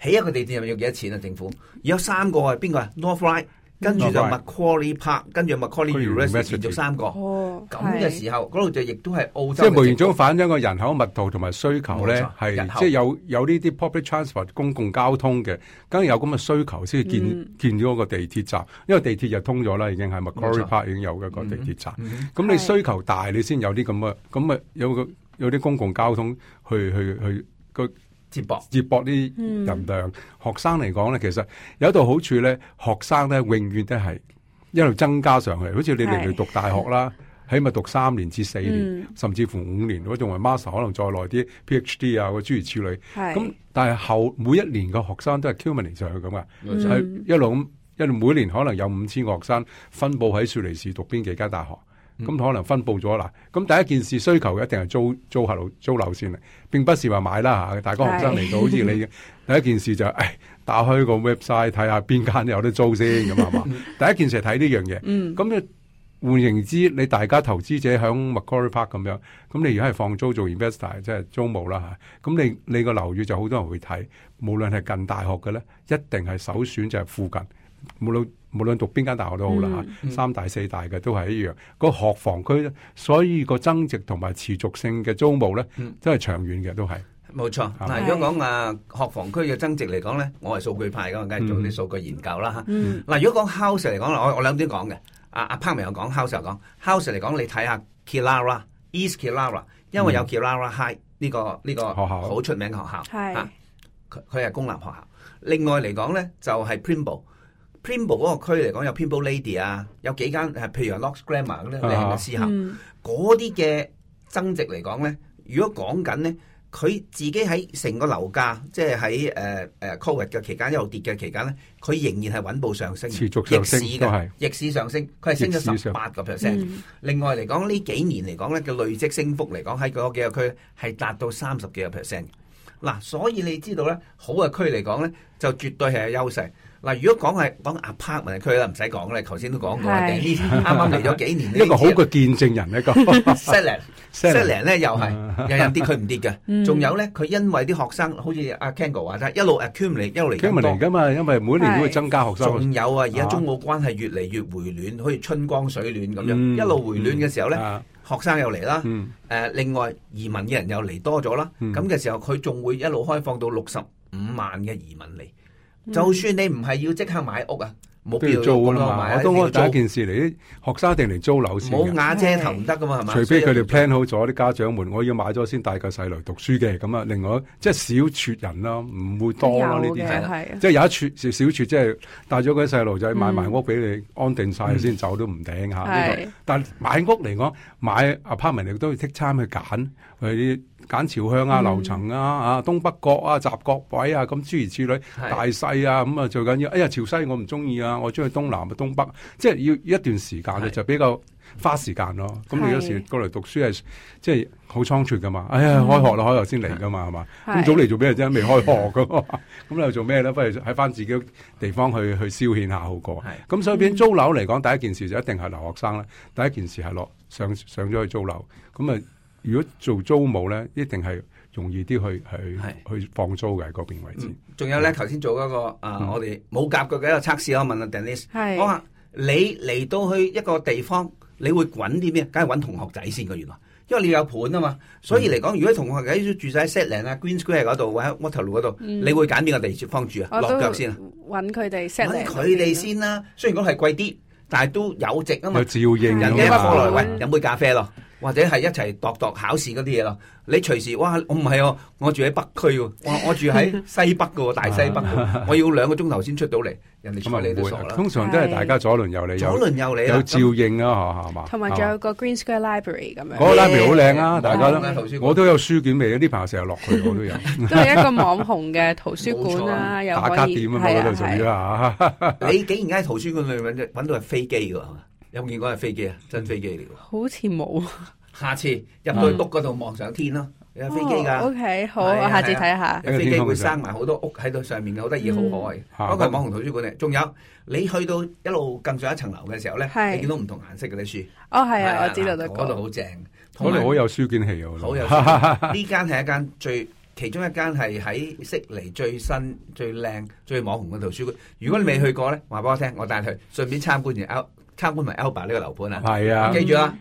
起一個地鐵入面要幾多錢啊？政府而有三個是，邊個啊？North Ryde，跟住就 Macquarie Park，Line, 跟住 Macquarie University 三個。咁嘅、哦、時候，嗰度就亦都係澳洲。即係無形中反映個人口密度同埋需求咧，係即係有有呢啲 public transport 公共交通嘅，梗咁有咁嘅需求先至建、嗯、建咗個地鐵站。因為地鐵就通咗啦，已經係 Macquarie Park 已經有一個地鐵站。咁、嗯嗯、你需求大，你先有啲咁嘅。咁啊，有個有啲公共交通去去去個。去接駁接駁啲人量、嗯，學生嚟講咧，其實有一度好處咧，學生咧永遠都係一路增加上去，好似你哋嚟讀大學啦，起碼讀三年至四年、嗯，甚至乎五年，或者仲係 master 可能再耐啲，PhD 啊，個諸如此類。咁、嗯、但係後每一年嘅學生都係 cumulatively 上去咁啊，係一路咁一路每年可能有五千個學生分佈喺雪梨市讀邊幾間大學。咁、嗯、可能分佈咗啦。咁第一件事需求一定係租租客租，租樓先嚟，並不是話買啦嚇，大家學生嚟到，好似你 第一件事就係、哎、打開個 website 睇下邊間有得租先咁係嘛。第一件事係睇呢樣嘢。咁、嗯、啊，換言之，你大家投資者響 Macquarie Park 咁樣，咁你而家係放租做 investor，即係租務啦嚇，咁你你個樓宇就好多人會睇，無論係近大學嘅咧，一定係首選就係附近，冇無論讀邊間大學都好啦，吓、嗯嗯、三大四大嘅都係一樣。嗯，那個學房區，所以個增值同埋持續性嘅租務咧、嗯，都係長遠嘅，都係。冇錯。嗱，如果講啊學房區嘅增值嚟講咧，我係數據派噶，我梗係做啲數據研究啦吓。嗱、嗯嗯啊，如果講 house 嚟講我我兩點講嘅。阿阿 apartment 又講 house，講 house 嚟講，你睇下 Killara East Killara 因為有 Killara High 呢、這個呢、這個好出名嘅學校。係、嗯。佢係、啊、公立學校。另外嚟講咧，就係、是、Pymble Pymble 嗰個區嚟講，有 Pymble Lady 啊，有幾間係，譬如 Knox Grammar 咁咧，啊，你喺度思考嗰啲嘅增值嚟講咧，如果講緊咧，佢自己喺成個樓價，即係喺誒誒 Covid 嘅期間一路跌嘅期間咧，佢仍然係穩步上升，持續上升嘅，逆市上升，佢係升咗十八個 percent。另外嚟講呢幾年嚟講咧嘅累積升幅嚟講喺嗰幾個區係達到三十幾個 percent。嗱，啊，所以你知道咧，好嘅區嚟講咧，就絕對係有優勢。嗱，如果講係講 apartment 區啦，唔使講啦，頭先都講過。啱啱嚟咗幾年。一個好嘅見證人一個。Zetland，Zetland 咧又係，人人跌佢唔跌嘅。仲有咧，佢因為啲學生，好似阿 Ken 哥話齋，一路 accumulate 一路嚟。accumulate 㗎嘛，因為每一年都會增加學生。仲有啊，而家中澳關係越嚟越回暖，好似春江水暖咁樣，一路回暖嘅時候咧，學生又嚟啦。誒，另外移民嘅人又嚟多咗啦。咁嘅時候，佢仲會一路開放到六十五萬嘅移民嚟。嗯、就算你唔係要即刻買屋啊，冇必要租咯，我都第一件事嚟，學生定嚟租樓先。冇瓦遮頭唔得噶嘛，係咪？除非佢哋 plan 好咗啲家長們，我要買咗先帶個細路讀書嘅，咁啊，另外即係小撮人咯，唔會多咯呢啲人，即係有一撮小小撮，即係帶咗嗰啲細路仔買埋屋俾你安定晒先走都唔頂吓。但買屋嚟講，買 apartment 嚟都要剔餐去揀。去揀朝向啊、樓層啊、嗯、啊東北角啊、雜角位啊，咁諸如此類，大細啊，咁啊最緊要。哎呀，朝西我唔中意啊，我中意東南啊、東北，即係要一段時間嘅就比較花時間咯。咁你有時過嚟讀書係即係好倉促㗎嘛。哎呀，開學啦，開學先嚟㗎嘛，係嘛？咁早嚟做咩啫？未開學㗎嘛，咁你又做咩咧？不如喺翻自己地方去去消遣下好過。咁所以變租樓嚟講，第一件事就一定係留學生啦。第一件事係落上上咗去租樓，咁啊。如果做租務咧，一定係容易啲去去去放租嘅嗰邊位置。仲、嗯、有咧，頭先做嗰個啊、呃嗯，我哋冇夾腳嘅一個測試。我問阿 Dennis 我話，你嚟到去一個地方，你會揾啲咩？梗係揾同學仔先嘅，原來，因為你有盤啊嘛。所以嚟講、嗯，如果同學仔住喺 Zetland 啊、Green Square 嗰度，或者 Waterloo 嗰度、嗯，你會揀邊個地方住啊？落腳先揾佢哋，揾佢哋先啦。雖然講係貴啲，但係都有值啊嘛。照應人哋翻喂，飲杯咖啡咯。或者係一齊度度考試嗰啲嘢咯，你隨時哇！我唔係喎，我住喺北區喎，哇！我住喺西北嘅喎，大西北， 我要兩個鐘頭先出到嚟。人哋你都傻唔會唔會、啊、通常都係大家左輪右嚟，左輪右嚟、啊，有照應啦同埋仲有個 Green Square Library 咁樣。嗰、嗯哦嗯、個 library 好靚、嗯哦嗯哦、啊！大家都，我都有書卷未，啊！啲朋友成日落去，我都有。 都係一個網紅嘅圖書館啦、啊啊，又可以係係。啊是是是個啊、是是 你竟然喺圖書館裏邊揾到揾到係飛機有冇見過架飛機啊？真飛機嚟喎、嗯！好似冇。下次入到篤嗰度望上天咯、啊，有飛機㗎。哦、o、okay, K，好、啊，我下次睇下、啊。有飛機會生埋好多屋喺度上面嘅，好得意，好可愛。嗰個、嗯、係網紅圖書館咧，仲有你去到一路更上一層樓嘅時候咧，你見到唔同顏色嘅啲書。哦，係啊，啊，我知道啦。嗰度好正，度好有，有書卷氣啊！好有。呢間係一間最其中一間係喺悉尼最新最靚最網紅嘅圖書館。如果你未去過咧，話俾我聽，我帶佢順便參觀完。參觀埋 Alba 呢個樓盤啊，係啊，記住啊！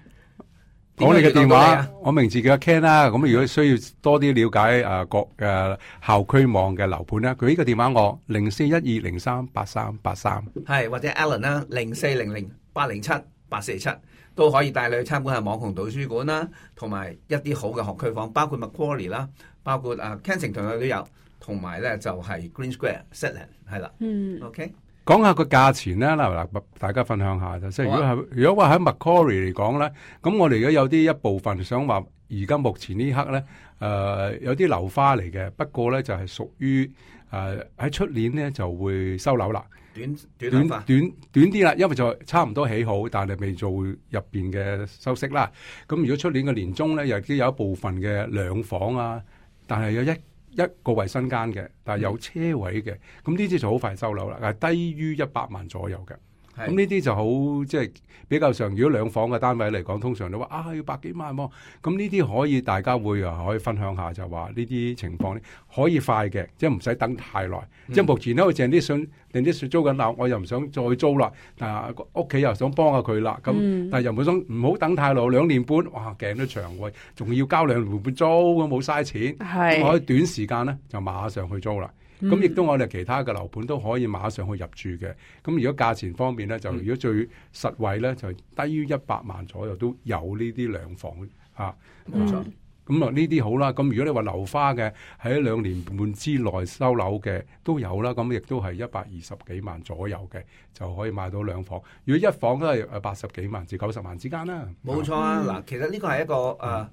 講、嗯、你嘅電話、啊，我名字叫阿 Ken 啦、啊。咁如果需要多啲了解啊各嘅校區網嘅樓盤咧、啊，佢呢個電話我零四一二零三八三八三，係或者 Allen 啦零四零零八零七八四七都可以帶你去參觀下網紅圖書館啦、啊，同埋一啲好嘅學區房，包括 Macquarie 啦、啊，包括啊 Kensington 都有，同埋咧就係、是、Green Square Zetland 係啦，嗯，OK。講下個價錢啦，嗱嗱，大家分享下就。即係如果係、啊，如果話喺 Macquarie 嚟講咧，咁我哋而家有啲一,一部分想話，而家目前一刻呢刻咧、呃，有啲樓花嚟嘅，不過咧就係、是、屬於誒喺出年咧就會收樓啦。短短短短啲啦，因為就差唔多起好，但係未做入面嘅收息啦。咁如果出年嘅年中咧，又啲有一部分嘅兩房啊，但係有一。一個衞生間嘅，但係有車位嘅，咁呢啲就好快收樓啦，係低於一百萬左右嘅。咁呢啲就好，即係比較上，如果兩房嘅單位嚟講，通常都話啊要百幾萬喎。咁呢啲可以大家會可以分享下，就話呢啲情況咧可以快嘅，即係唔使等太耐，嗯。即係目前咧，我淨啲想定啲雪租緊樓，我又唔想再租啦。啊，屋企又想幫下佢啦。咁但係又唔好想唔好等太耐，兩年半，哇頸都長喎，仲要交兩年半租，咁冇嘥錢。係可以短時間咧就馬上去租啦。咁、嗯、亦都我哋其他嘅樓盤都可以馬上去入住嘅。咁如果價錢方面咧，就如果最實惠咧，就低於一百萬左右都有呢啲兩房吓，冇錯。咁、嗯、啊呢啲、嗯啊、好啦。咁如果你話樓花嘅喺兩年半之內收樓嘅都有啦。咁亦都係一百二十幾萬左右嘅，就可以買到兩房。如果一房都係八十幾萬至九十萬之間啦。冇錯啊！嗱、嗯，其實呢個係一個、uh,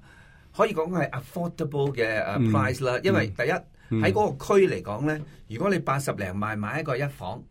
可以講係 affordable 嘅 price 啦、嗯。因為第一。嗯喺、嗯、嗰個區嚟講咧，如果你八十零萬買一個一房，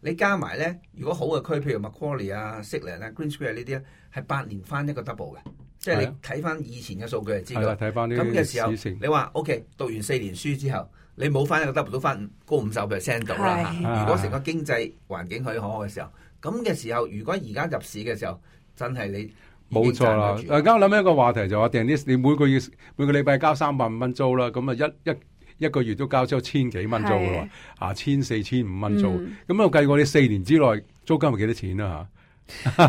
你加埋咧，如果好嘅區，譬如 Macquarie 啊、Zetland 啊、Green Square 呢啲咧，係八年翻一個 double 嘅，即係你睇翻以前嘅數據就知道。咁嘅時候，你話 OK，讀完四年書之後，你冇翻一個 double 都翻高五十 percent 到啦。如果成個經濟環境許可嘅時候，咁嘅時候，如果而家入市嘅時候，真係你冇錯啦、啊。而家我諗一個話題就話訂啲，你每個月每個禮拜交三百五蚊租啦，咁啊一一。一一個月都交咗千幾蚊租啦，啊，千四千五蚊租，咁我計過你四年之內租金係幾多錢啦、啊、吓？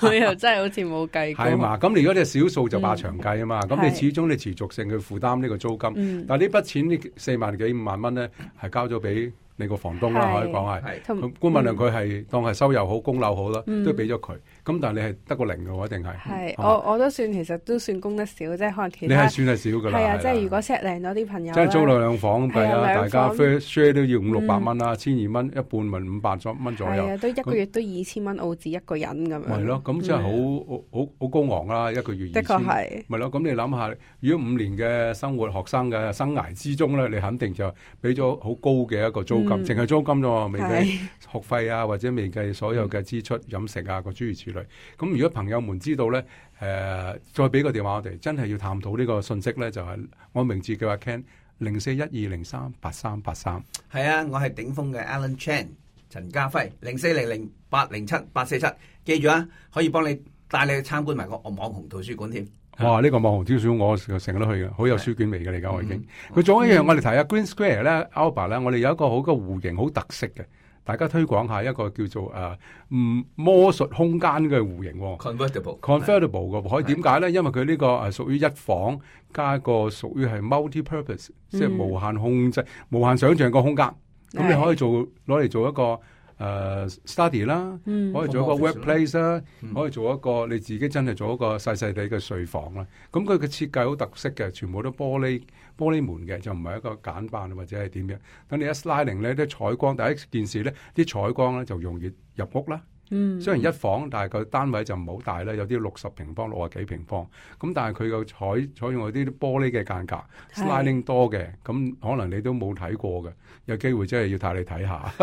佢 又真係好似冇計。係嘛，咁如果你係少數就霸場計啊嘛，咁、嗯、你始終你持續性去負擔呢個租金，嗯、但係呢筆錢呢四萬幾五萬蚊咧，係交咗俾你個房東啦，可以講係。同官文亮佢係當係收入好供樓、嗯、好啦、嗯，都俾咗佢。咁但係你係得個零嘅喎，一定係。係，我我都算其實都算供得少，即係可能其他。你係算係少㗎啦。係啊，即係如果 set 靚咗啲朋友。即係租兩房。係啊，大家 share share 都要五六百蚊啦，千二蚊，一半咪五百蚊左右。係啊，都一個月都二千蚊澳紙一個人咁樣。係咯，咁真係好好好好高昂啦，一個月。的確係。咪咯，咁你諗下，如果五年嘅生活學生嘅生涯之中咧，你肯定就俾咗好高嘅一個租金，淨係租金啫喎，未必。學費啊，或者未計所有嘅支出，飲食啊，個、嗯、諸如此類。咁如果朋友們知道咧，誒、呃，再俾個電話我哋，真係要探討呢個信息咧，就係、是、我名字叫阿 Ken，零四一二零三八三八三。係啊，我係鼎豐嘅 Alan Chan 陳家輝，零四零零八零七八四七。記住啊，可以幫你帶你去參觀埋個網紅圖書館添、啊。哇，呢、這個網紅圖書館我成日都去嘅，好有書卷味嘅嚟噶我已經。佢、嗯、仲有一樣、嗯，我哋提下 Green Square 咧 Alba 咧，我哋有一個好嘅戶型，好特色嘅。大家推廣一下一個叫做誒、啊、唔魔術空間嘅戶型、哦、Convertible，Convertible 嘅，可以點解咧？因為佢呢個誒屬於一房加一個屬於係 multi-purpose，、嗯、即係無限控制、無限想像個空間，咁你可以做攞嚟做一個。Uh, study 啦、嗯，可以做一個 workplace 啦，可以做一個你自己真係做一個細細地嘅睡房啦。咁佢嘅設計好特色嘅，全部都玻璃玻璃門嘅，就唔係一個簡辦或者係點樣。等你一 sliding 咧，啲採光第一件事咧，啲採光咧就容易入屋啦。嗯，雖然一房，但係個單位就唔好大咧，有啲六十平方、六十幾平方，咁但係佢又採採用嗰啲玻璃嘅間隔，sliding 多嘅，咁可能你都冇睇過嘅，有機會真係要帶你睇下，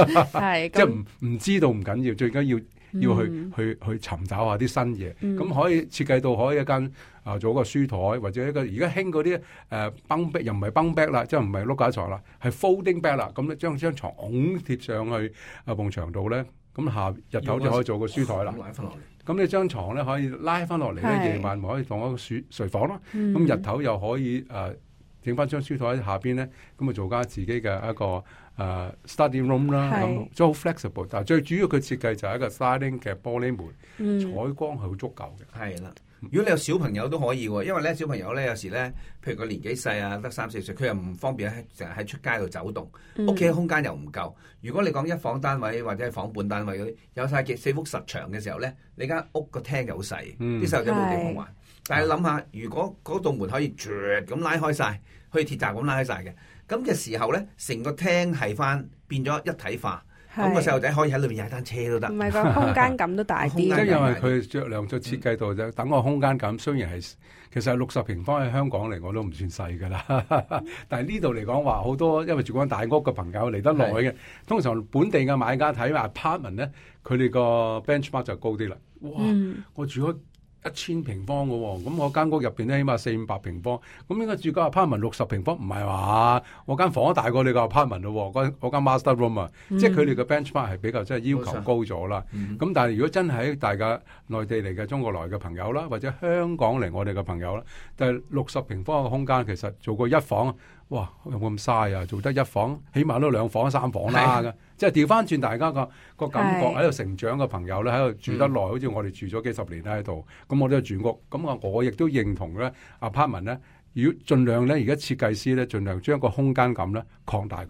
即係唔唔知道唔緊要，要，要，最緊要要去、嗯、去去尋找下啲新嘢，咁、嗯、可以設計到可以一間啊、呃，做一個書台或者一個而家興嗰啲誒崩壁又唔係崩壁啦，即係唔係碌架床啦，係 folding back 啦，咁咧將張床貼上去啊埲牆度咧。呃咁下日頭就可以做個書台啦。咁你張床咧可以拉翻落嚟咧，夜晚咪可以放一個睡房咯。咁日頭又可以誒、呃、整翻張書台喺下邊咧，咁啊做翻自己嘅一個誒 study room 啦。咁即係好 flexible。但係，最主要佢設計就係一個 sliding 嘅玻璃門，採光係好足夠嘅。係啦。如果你有小朋友都可以喎，因為咧小朋友咧有時咧，譬如個年紀細啊，得三四歲，佢又唔方便成日喺出街度走動，屋企、嗯、空間又唔夠。如果你講一房單位或者係房半單位啲，有晒四幅實牆嘅時候咧，你間屋個廳又好細，啲細路仔冇地方玩。但係你諗下，如果嗰道門可以鋸咁拉開晒，去鐵閘咁拉開晒嘅，咁嘅時候咧，成個廳係翻變咗一體化。咁、個細路仔可以喺裏面踩一單車都得，唔、那、係個空間感都大啲。即係因為佢着量咗設計度，就、嗯、等個空間感，雖然係其實係六十平方喺香港嚟我都唔算細㗎啦。 但係呢度嚟講話好多，因為住緊大屋嘅朋友嚟得耐嘅，通常本地嘅買家睇 apartment 咧，佢哋個 benchmark 就高啲啦。哇！嗯、我住咗。一千平方嘅喎、哦，咁我間屋入面咧，起碼四五百平方，咁應該住個 apartment 六十平方，唔係話我間房都大過你個 apartment 咯、哦，我間 master room 啊，嗯、即係佢哋嘅 benchmark 係比較即係要求高咗啦。咁、嗯、但係如果真係喺大家內地嚟嘅中國來嘅朋友啦，或者香港嚟我哋嘅朋友啦，但係六十平方嘅空間其實做過一房。哇，有冇咁嘥啊！做得一房，起碼都兩房、三房啦、啊、即係調翻轉大家、個個感覺喺度、啊、成長嘅朋友咧，喺度住得耐，嗯、好似我哋住咗幾十年啦喺度。咁我都度住屋，咁我我亦都認同咧，Apartment 咧，要盡量咧，而家設計師咧，盡量將一個空間感咧擴大佢。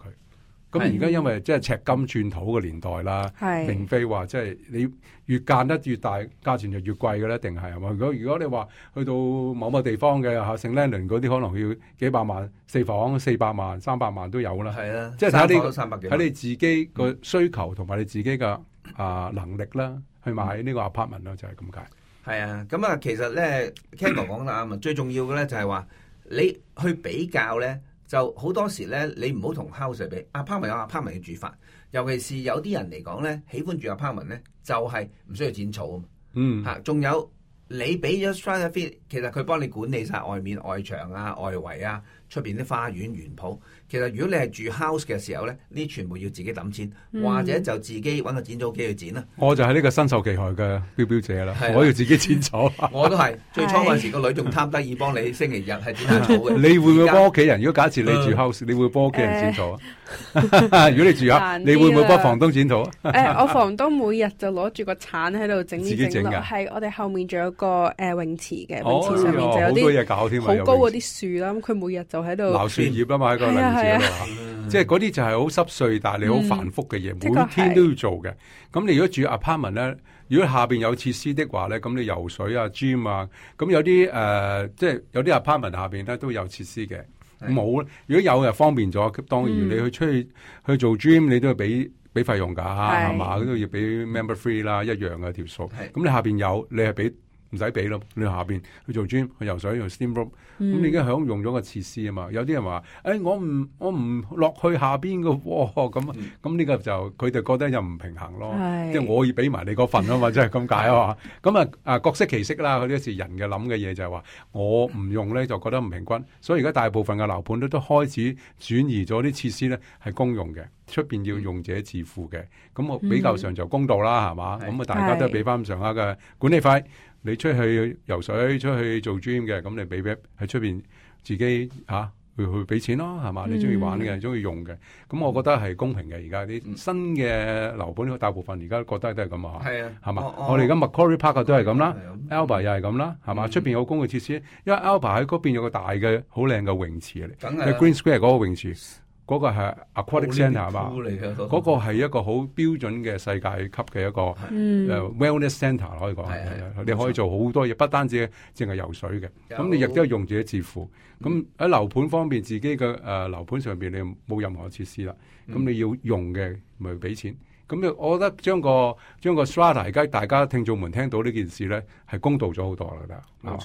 咁而家因為即係赤金寸土嘅年代啦，並非話即係你越間得越大，價錢就越越貴嘅咧，定係？如果如果你話去到某個地方嘅啊，聖蘭倫嗰啲可能要幾百萬、四房、四百萬、三百萬都有啦。係啊，即係睇呢，三百幾萬，睇你自己個需求同埋你自己嘅啊能力啦，去買呢個 apartment 啊，就係咁解。係啊，咁啊，其實咧，聽我講啦啊， 最重要嘅咧就係話你去比較咧。就好多時咧，你唔好同 house 比。阿 partment 有阿 partment 嘅住法，尤其是有啲人嚟講咧，喜歡住阿 partment 咧，就係唔需要剪草啊。嗯，嚇，仲有你俾咗 strata fee，其實佢幫你管理晒外面，外牆啊、外圍啊、出邊啲花園園圃。.其實如果你係住 house 嘅時候咧，呢全部要自己抌錢，或者就自己揾個剪刀機去剪啦。我就係呢個身受其害嘅表表者啦，我要自己剪咗。 我都係最初嗰陣時個女仲貪得意幫你，幫你星期日係剪下草嘅。 你會唔會幫屋企人？如果假設你住 house，、嗯、你會幫屋企人剪草？ 如果你住啊，你會唔會幫房東剪草啊？誒、 哎，我房東每日就攞住個鏟喺度整，自己整噶。係我哋後面仲有個誒泳池嘅、哦，泳池上面就有啲好高嗰啲樹啦。佢每日就喺度，掃樹葉啦嘛，喺個泳池度。啊啊、 即係嗰啲就係好濕碎，但係你好繁複嘅嘢、嗯，每天都要做嘅。咁、這個、你如果住 apartment 咧，如果下邊有設施的話咧，咁你游水啊、gym 啊，咁有啲誒、呃，即係有啲 apartment 下邊咧都有設施嘅。冇啦，如果有就方便咗。當然你去出去，嗯、去做 gym 你都要俾俾費用㗎吓，係嘛？都要俾 member fee 啦，一樣嘅條數。咁你下邊有，你係俾。唔使俾咯，你下邊去做 gym，佢又想用 steam room，咁，嗯、你已經享用咗個設施啊嘛。有啲人話，誒、哎，我唔我唔落去下邊個、哦，咁咁呢個就佢哋覺得又唔平衡咯。即係，就是，我要俾埋你份啊嘛，即係咁解啊嘛。咁啊，嗯嗯、啊，各式其式啦。嗰啲是人嘅諗嘅嘢，就係話我唔用咧就覺得唔平均。所以而家大部分嘅樓盤咧都開始轉移咗啲設施咧係公用嘅，出邊要用者自負嘅。咁，嗯、我比較上就公道啦，係、嗯、嘛。咁啊，大家都俾翻咁上下嘅管理費。你出去游水，出去做 gym 嘅，咁你俾喺出邊自己吓、啊，去去俾錢咯，係嘛？你中意玩嘅，中、嗯、意用嘅，咁我覺得係公平嘅。而家啲新嘅樓盤，大部分而家覺得都係咁啊，係、嗯、啊，嘛、嗯嗯？我哋而家 Macquarie Park 都係咁啦 Alba 又係咁啦，係、嗯、嘛？出、嗯嗯、面有公共設施，因為 Alba 喺嗰邊有個大嘅好靚嘅泳池嚟，Green Square 嗰個泳池。嗰、那個係 aquatic centre 係嘛？嗰、那個係一個好標準嘅世界級嘅一個、嗯 uh, wellness centre 可以講，你可以做好多嘢，不單止淨係游水嘅。咁你亦都用住啲自付。咁、嗯、喺樓盤方面，自己嘅誒、呃、樓盤上面你冇任何設施啦。咁、嗯、你要用嘅咪俾錢。咁我覺得將個將個 strata 而家大家聽眾們聽到呢件事咧，係公道咗好多啦冇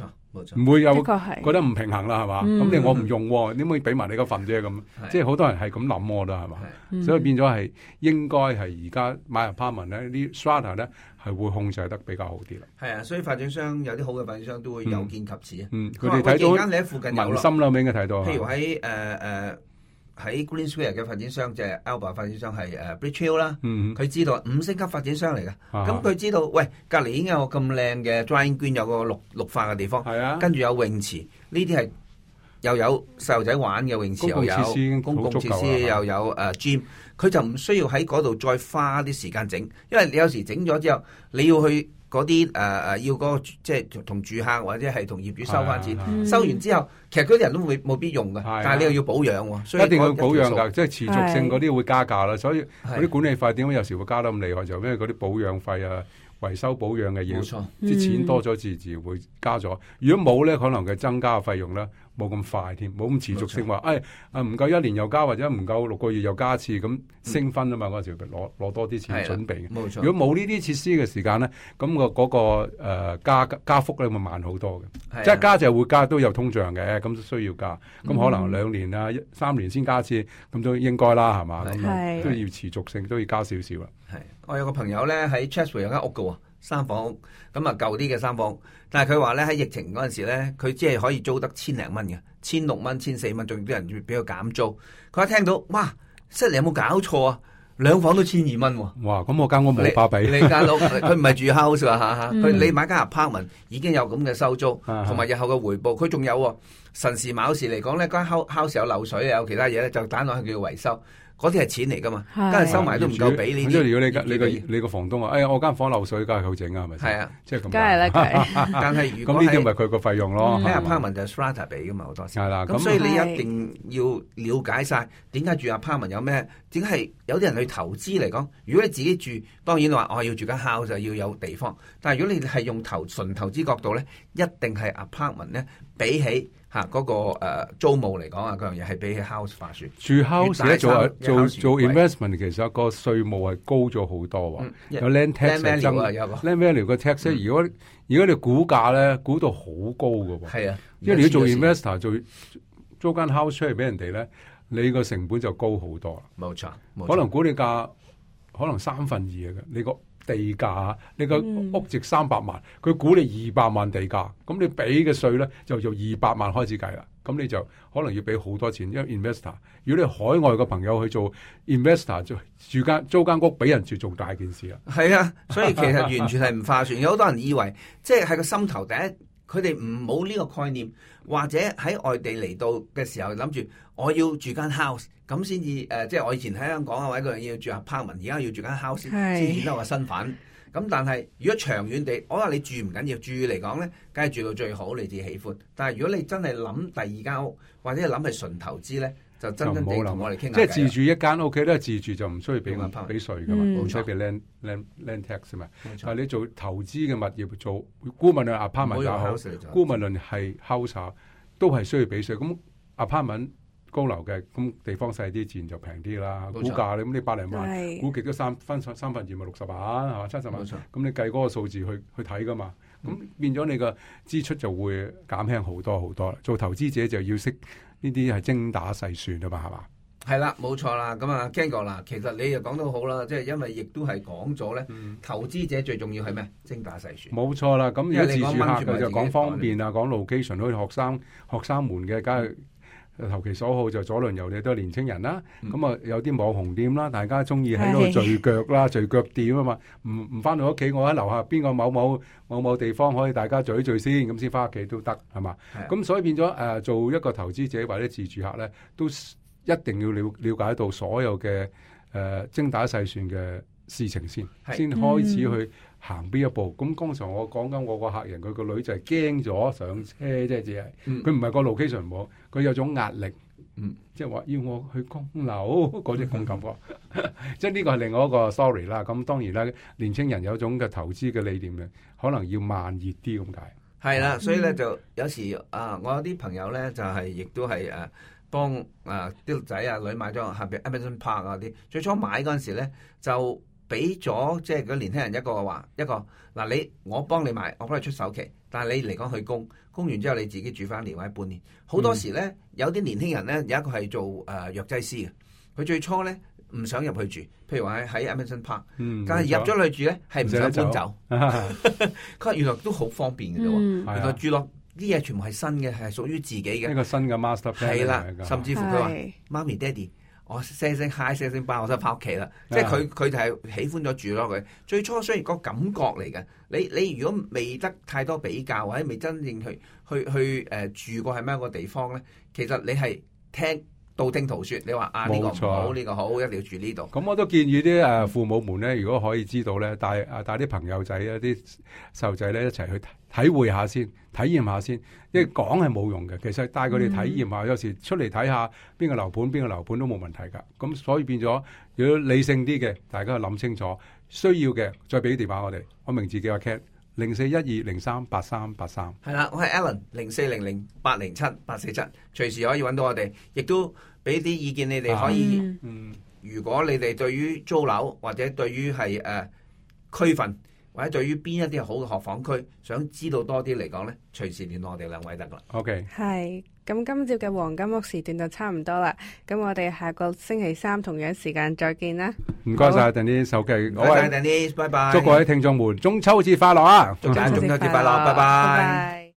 唔會有覺得唔平衡啦，係、嗯、嘛？咁、啊嗯、即我唔用，你可以俾埋你嘅份啫。咁即係好多人係咁諗咯，係嘛？所以變咗係應該係而家買入 Apartment 咧、嗯，啲 Strata 咧係會控制得比較好啲啦。係啊，所以發展商有啲好嘅發展商都會有見及此啊。嗯，佢哋睇到你喺附近，留心啦，我應該睇到。譬如喺誒誒。呃喺 Green Square 嘅發展商就 Alba 發展商係誒 Bridge Hill 啦、嗯，佢知道五星級發展商嚟噶，咁、啊、佢知道，喂，隔離已經有咁靚嘅 d r i 莊園，有個綠綠化嘅地方，啊、跟住有泳池，呢啲係又有細路仔玩嘅泳池，又有公共設施，啊、又有誒、啊、gym，佢就唔需要喺嗰度再花啲時間整，因為你有時整咗之後，你要去。嗰啲誒要嗰、嗰個即係、即係、同住客或者係同業主收翻錢，是啊是啊收完之後，嗯、其實嗰啲人都冇冇必用嘅，啊、但係你又要保養喎，所以一,一定要保養噶，即係、即係、持續性嗰啲會加價啦。所以嗰啲管理費點解有時會加得咁厲害？就因為嗰啲保養費啊、維修保養嘅嘢，啲錢多咗自自然會加咗。嗯、如果冇咧，可能佢增加嘅費用啦。冇咁快添，冇咁持續性話，誒唔、哎、夠一年又加，或者唔夠六個月又加一次咁升分啊嘛！嗰、嗯、陣時攞攞多啲錢準備。冇錯。如果冇呢啲設施嘅時間咧，咁、嗰個嗰個、嗯呃、加加幅咧咪慢好多嘅。即係加就會加，都有通脹嘅，咁都需要加。咁可能兩年啊、嗯，三年先加一次，咁都應該啦，係嘛？咁都要持續性，都要，持續性都要加少少啦。係。我有個朋友咧喺 Cheshire 有間屋嘅三房屋，咁啊舊啲嘅三房。但係佢話咧喺疫情嗰陣時咧，佢只係可以租得千零蚊嘅，千六蚊、千四蚊，仲有啲人要俾佢減租。佢一聽到，哇！即係你有冇搞錯啊？兩房都千二蚊。哇！咁我間屋冇得比。你間屋佢唔係住 house 啊吓吓，佢、嗯、你買間 apartment 已經有咁嘅收租，同埋日後嘅回報，佢仲有。辰時卯時嚟講咧，間 house house 有漏水，有其他嘢咧，就打落去叫維修。嗰啲係錢嚟噶嘛，梗係收埋都唔夠俾你。咁如果你個你個你個房東話，哎呀我間房漏水，梗係好整啊，係咪先？係、就、啊、是，即係咁。梗係啦，但係如果呢啲咪佢個費用咯？睇下 apartment 就 strata 俾噶嘛，好多時。係啦，咁所以你一定要了解晒點解住 apartment 有咩？點解係有啲人去投資嚟講，如果你自己住，當然話我要住間 house 就要有地方。但係如果你係用投純投資角度咧，一定係 apartment 咧比起。吓，嗰、那個誒、呃、租務嚟講啊，嗰樣嘢係比起 house 化算。住 house 做做做，做 investment，其實個稅務係高咗好多喎、嗯。有 land tax, land tax 增有，land value 個 tax 息、嗯。如果如果你估價咧估到好高嘅，係、嗯、啊，因為如果你做 investor、嗯、做、嗯、租間 house 出嚟俾人哋咧，你個成本就高好多喇。冇錯，可能估你價可能三分二嘅，你個。地價，你個屋值三百萬，佢、嗯、估你二百萬地價，咁你俾嘅稅咧就由二百萬開始計啦。咁你就可能要俾好多錢，因為 investor。如果你海外嘅朋友去做 investor，就住間租間屋俾人住，做大件事啊。係啊，所以其實完全係唔划算。 有好多人以為即係喺個心頭第一，佢哋唔冇呢個概念，或者喺外地嚟到嘅時候諗住我要住間 house。咁先至誒，即係我以前喺香港啊，或者一個人要住 apartment，而家要住間 house 先顯得個身份。咁、嗯、但係如果長遠地，我話你住唔緊要住嚟講咧，梗係住到最好，你自己喜歡。但係如果你真係諗第二間屋，或者係諗係純投資咧，就真真正同我哋傾下。即係、就是、自住一間屋，都咧自住就唔需要俾銀俾稅噶嘛，冇、嗯、錯。即係 land land tax 嘛。你做投資嘅物業做估問量 apartment 又好，估問量係 house 都係需要俾稅。咁 apartment。高樓嘅咁地方細啲，自然就平啲啦。估價，咁你百零萬，估極都三分三分二，咪六十萬，係嘛，七十萬？咁你計嗰個數字去去睇噶嘛？咁、嗯、變咗你個支出就會減輕好多好多啦。做投資者就要識呢啲係精打細算啊嘛，係嘛？係啦，冇錯啦。咁啊，Ken 哥啦，其實你又講得好啦，即、就、係、是、因為亦都係講咗咧，投資者最重要係咩？精打細算。冇錯啦，咁有自住客就講方便啊，講 location 都學生學生們嘅，梗係。嗯投其所好就左輪右你都係年青人啦。咁、嗯、啊，有啲網紅店啦，大家中意喺度聚腳啦，聚腳店啊嘛。唔唔翻到屋企，我喺樓下邊個某某某某地方可以大家聚一聚先，咁先翻屋企都得，係嘛？咁所以變咗誒、呃，做一個投資者或者自住客咧，都一定要了瞭解到所有嘅誒精打細算嘅事情先，先開始去。嗯行邊一步？咁剛才我講緊我個客人，佢個女就係驚咗上車，啫。只係佢唔係個 location 冇，佢有種壓力，即係話要我去供樓嗰啲咁感覺。即係呢個係另外一個 story 啦。咁當然啦，年青人有種嘅投資嘅理念嘅，可能要慢熱啲咁解。係啦、啊，所以咧就有時、嗯、啊，我有啲朋友咧就係、是、亦都係誒、啊、幫啊啲仔啊女買咗後邊 Amazon Park 嗰啲，最初買嗰陣時咧就。俾咗即係年輕人一個，話一個嗱，你我幫你買我幫你出首期，但係你嚟講去供供完之後你自己住翻年或者半年。好多時咧有啲年輕人咧有一個係做、呃、藥劑師嘅，佢最初咧唔想入去住，譬如話喺 Amazon Park、嗯、但係入咗去住咧係唔想搬走，佢話 原來都好方便嘅啫、嗯，原來住落啲嘢全部係新嘅係屬於自己嘅一個新嘅 master，係啦，甚至乎佢話媽咪爹哋。我聲聲嗨 i g 聲聲爆，我就翻屋企啦。即係佢佢就係喜歡咗住咯。佢最初雖然個感覺嚟嘅，你你如果未得太多比較或者未真正去去去誒、呃、住過係咩一個地方咧，其實你係聽。道聽途說，你話啊呢、啊呢個好，呢、呢個好，一定要住呢度。咁我都建議啲父母們咧，如果可以知道咧，帶啊帶啲朋友仔、啲細路仔咧，一齊去體會下先，體驗下先。因為講係冇用嘅，其實帶佢哋體驗下，有時出嚟睇下邊個樓盤，邊個樓盤都冇問題㗎。咁所以變咗，如果理性啲嘅，大家諗清楚，需要嘅再俾電話我哋，我名字叫阿 Ken。零四一二零三八三八三，係啦，我係 Alan，零四零零八零七八四七，隨時可以揾到我哋，亦都畀啲意見你哋可以。如果你哋對於租樓或者對於係誒區份。或者對於邊一啲好嘅學房區，想知道多啲嚟講咧，隨時聯絡我哋兩位得啦。OK，係咁，今朝嘅黃金屋時段就差唔多啦。咁我哋下個星期三同樣時間再見啦。唔該晒，Daniel 手機，謝謝我係 Daniel 拜拜。祝各位聽眾們中秋節快樂啊！中秋節快樂、啊、 樂，拜拜。Bye bye。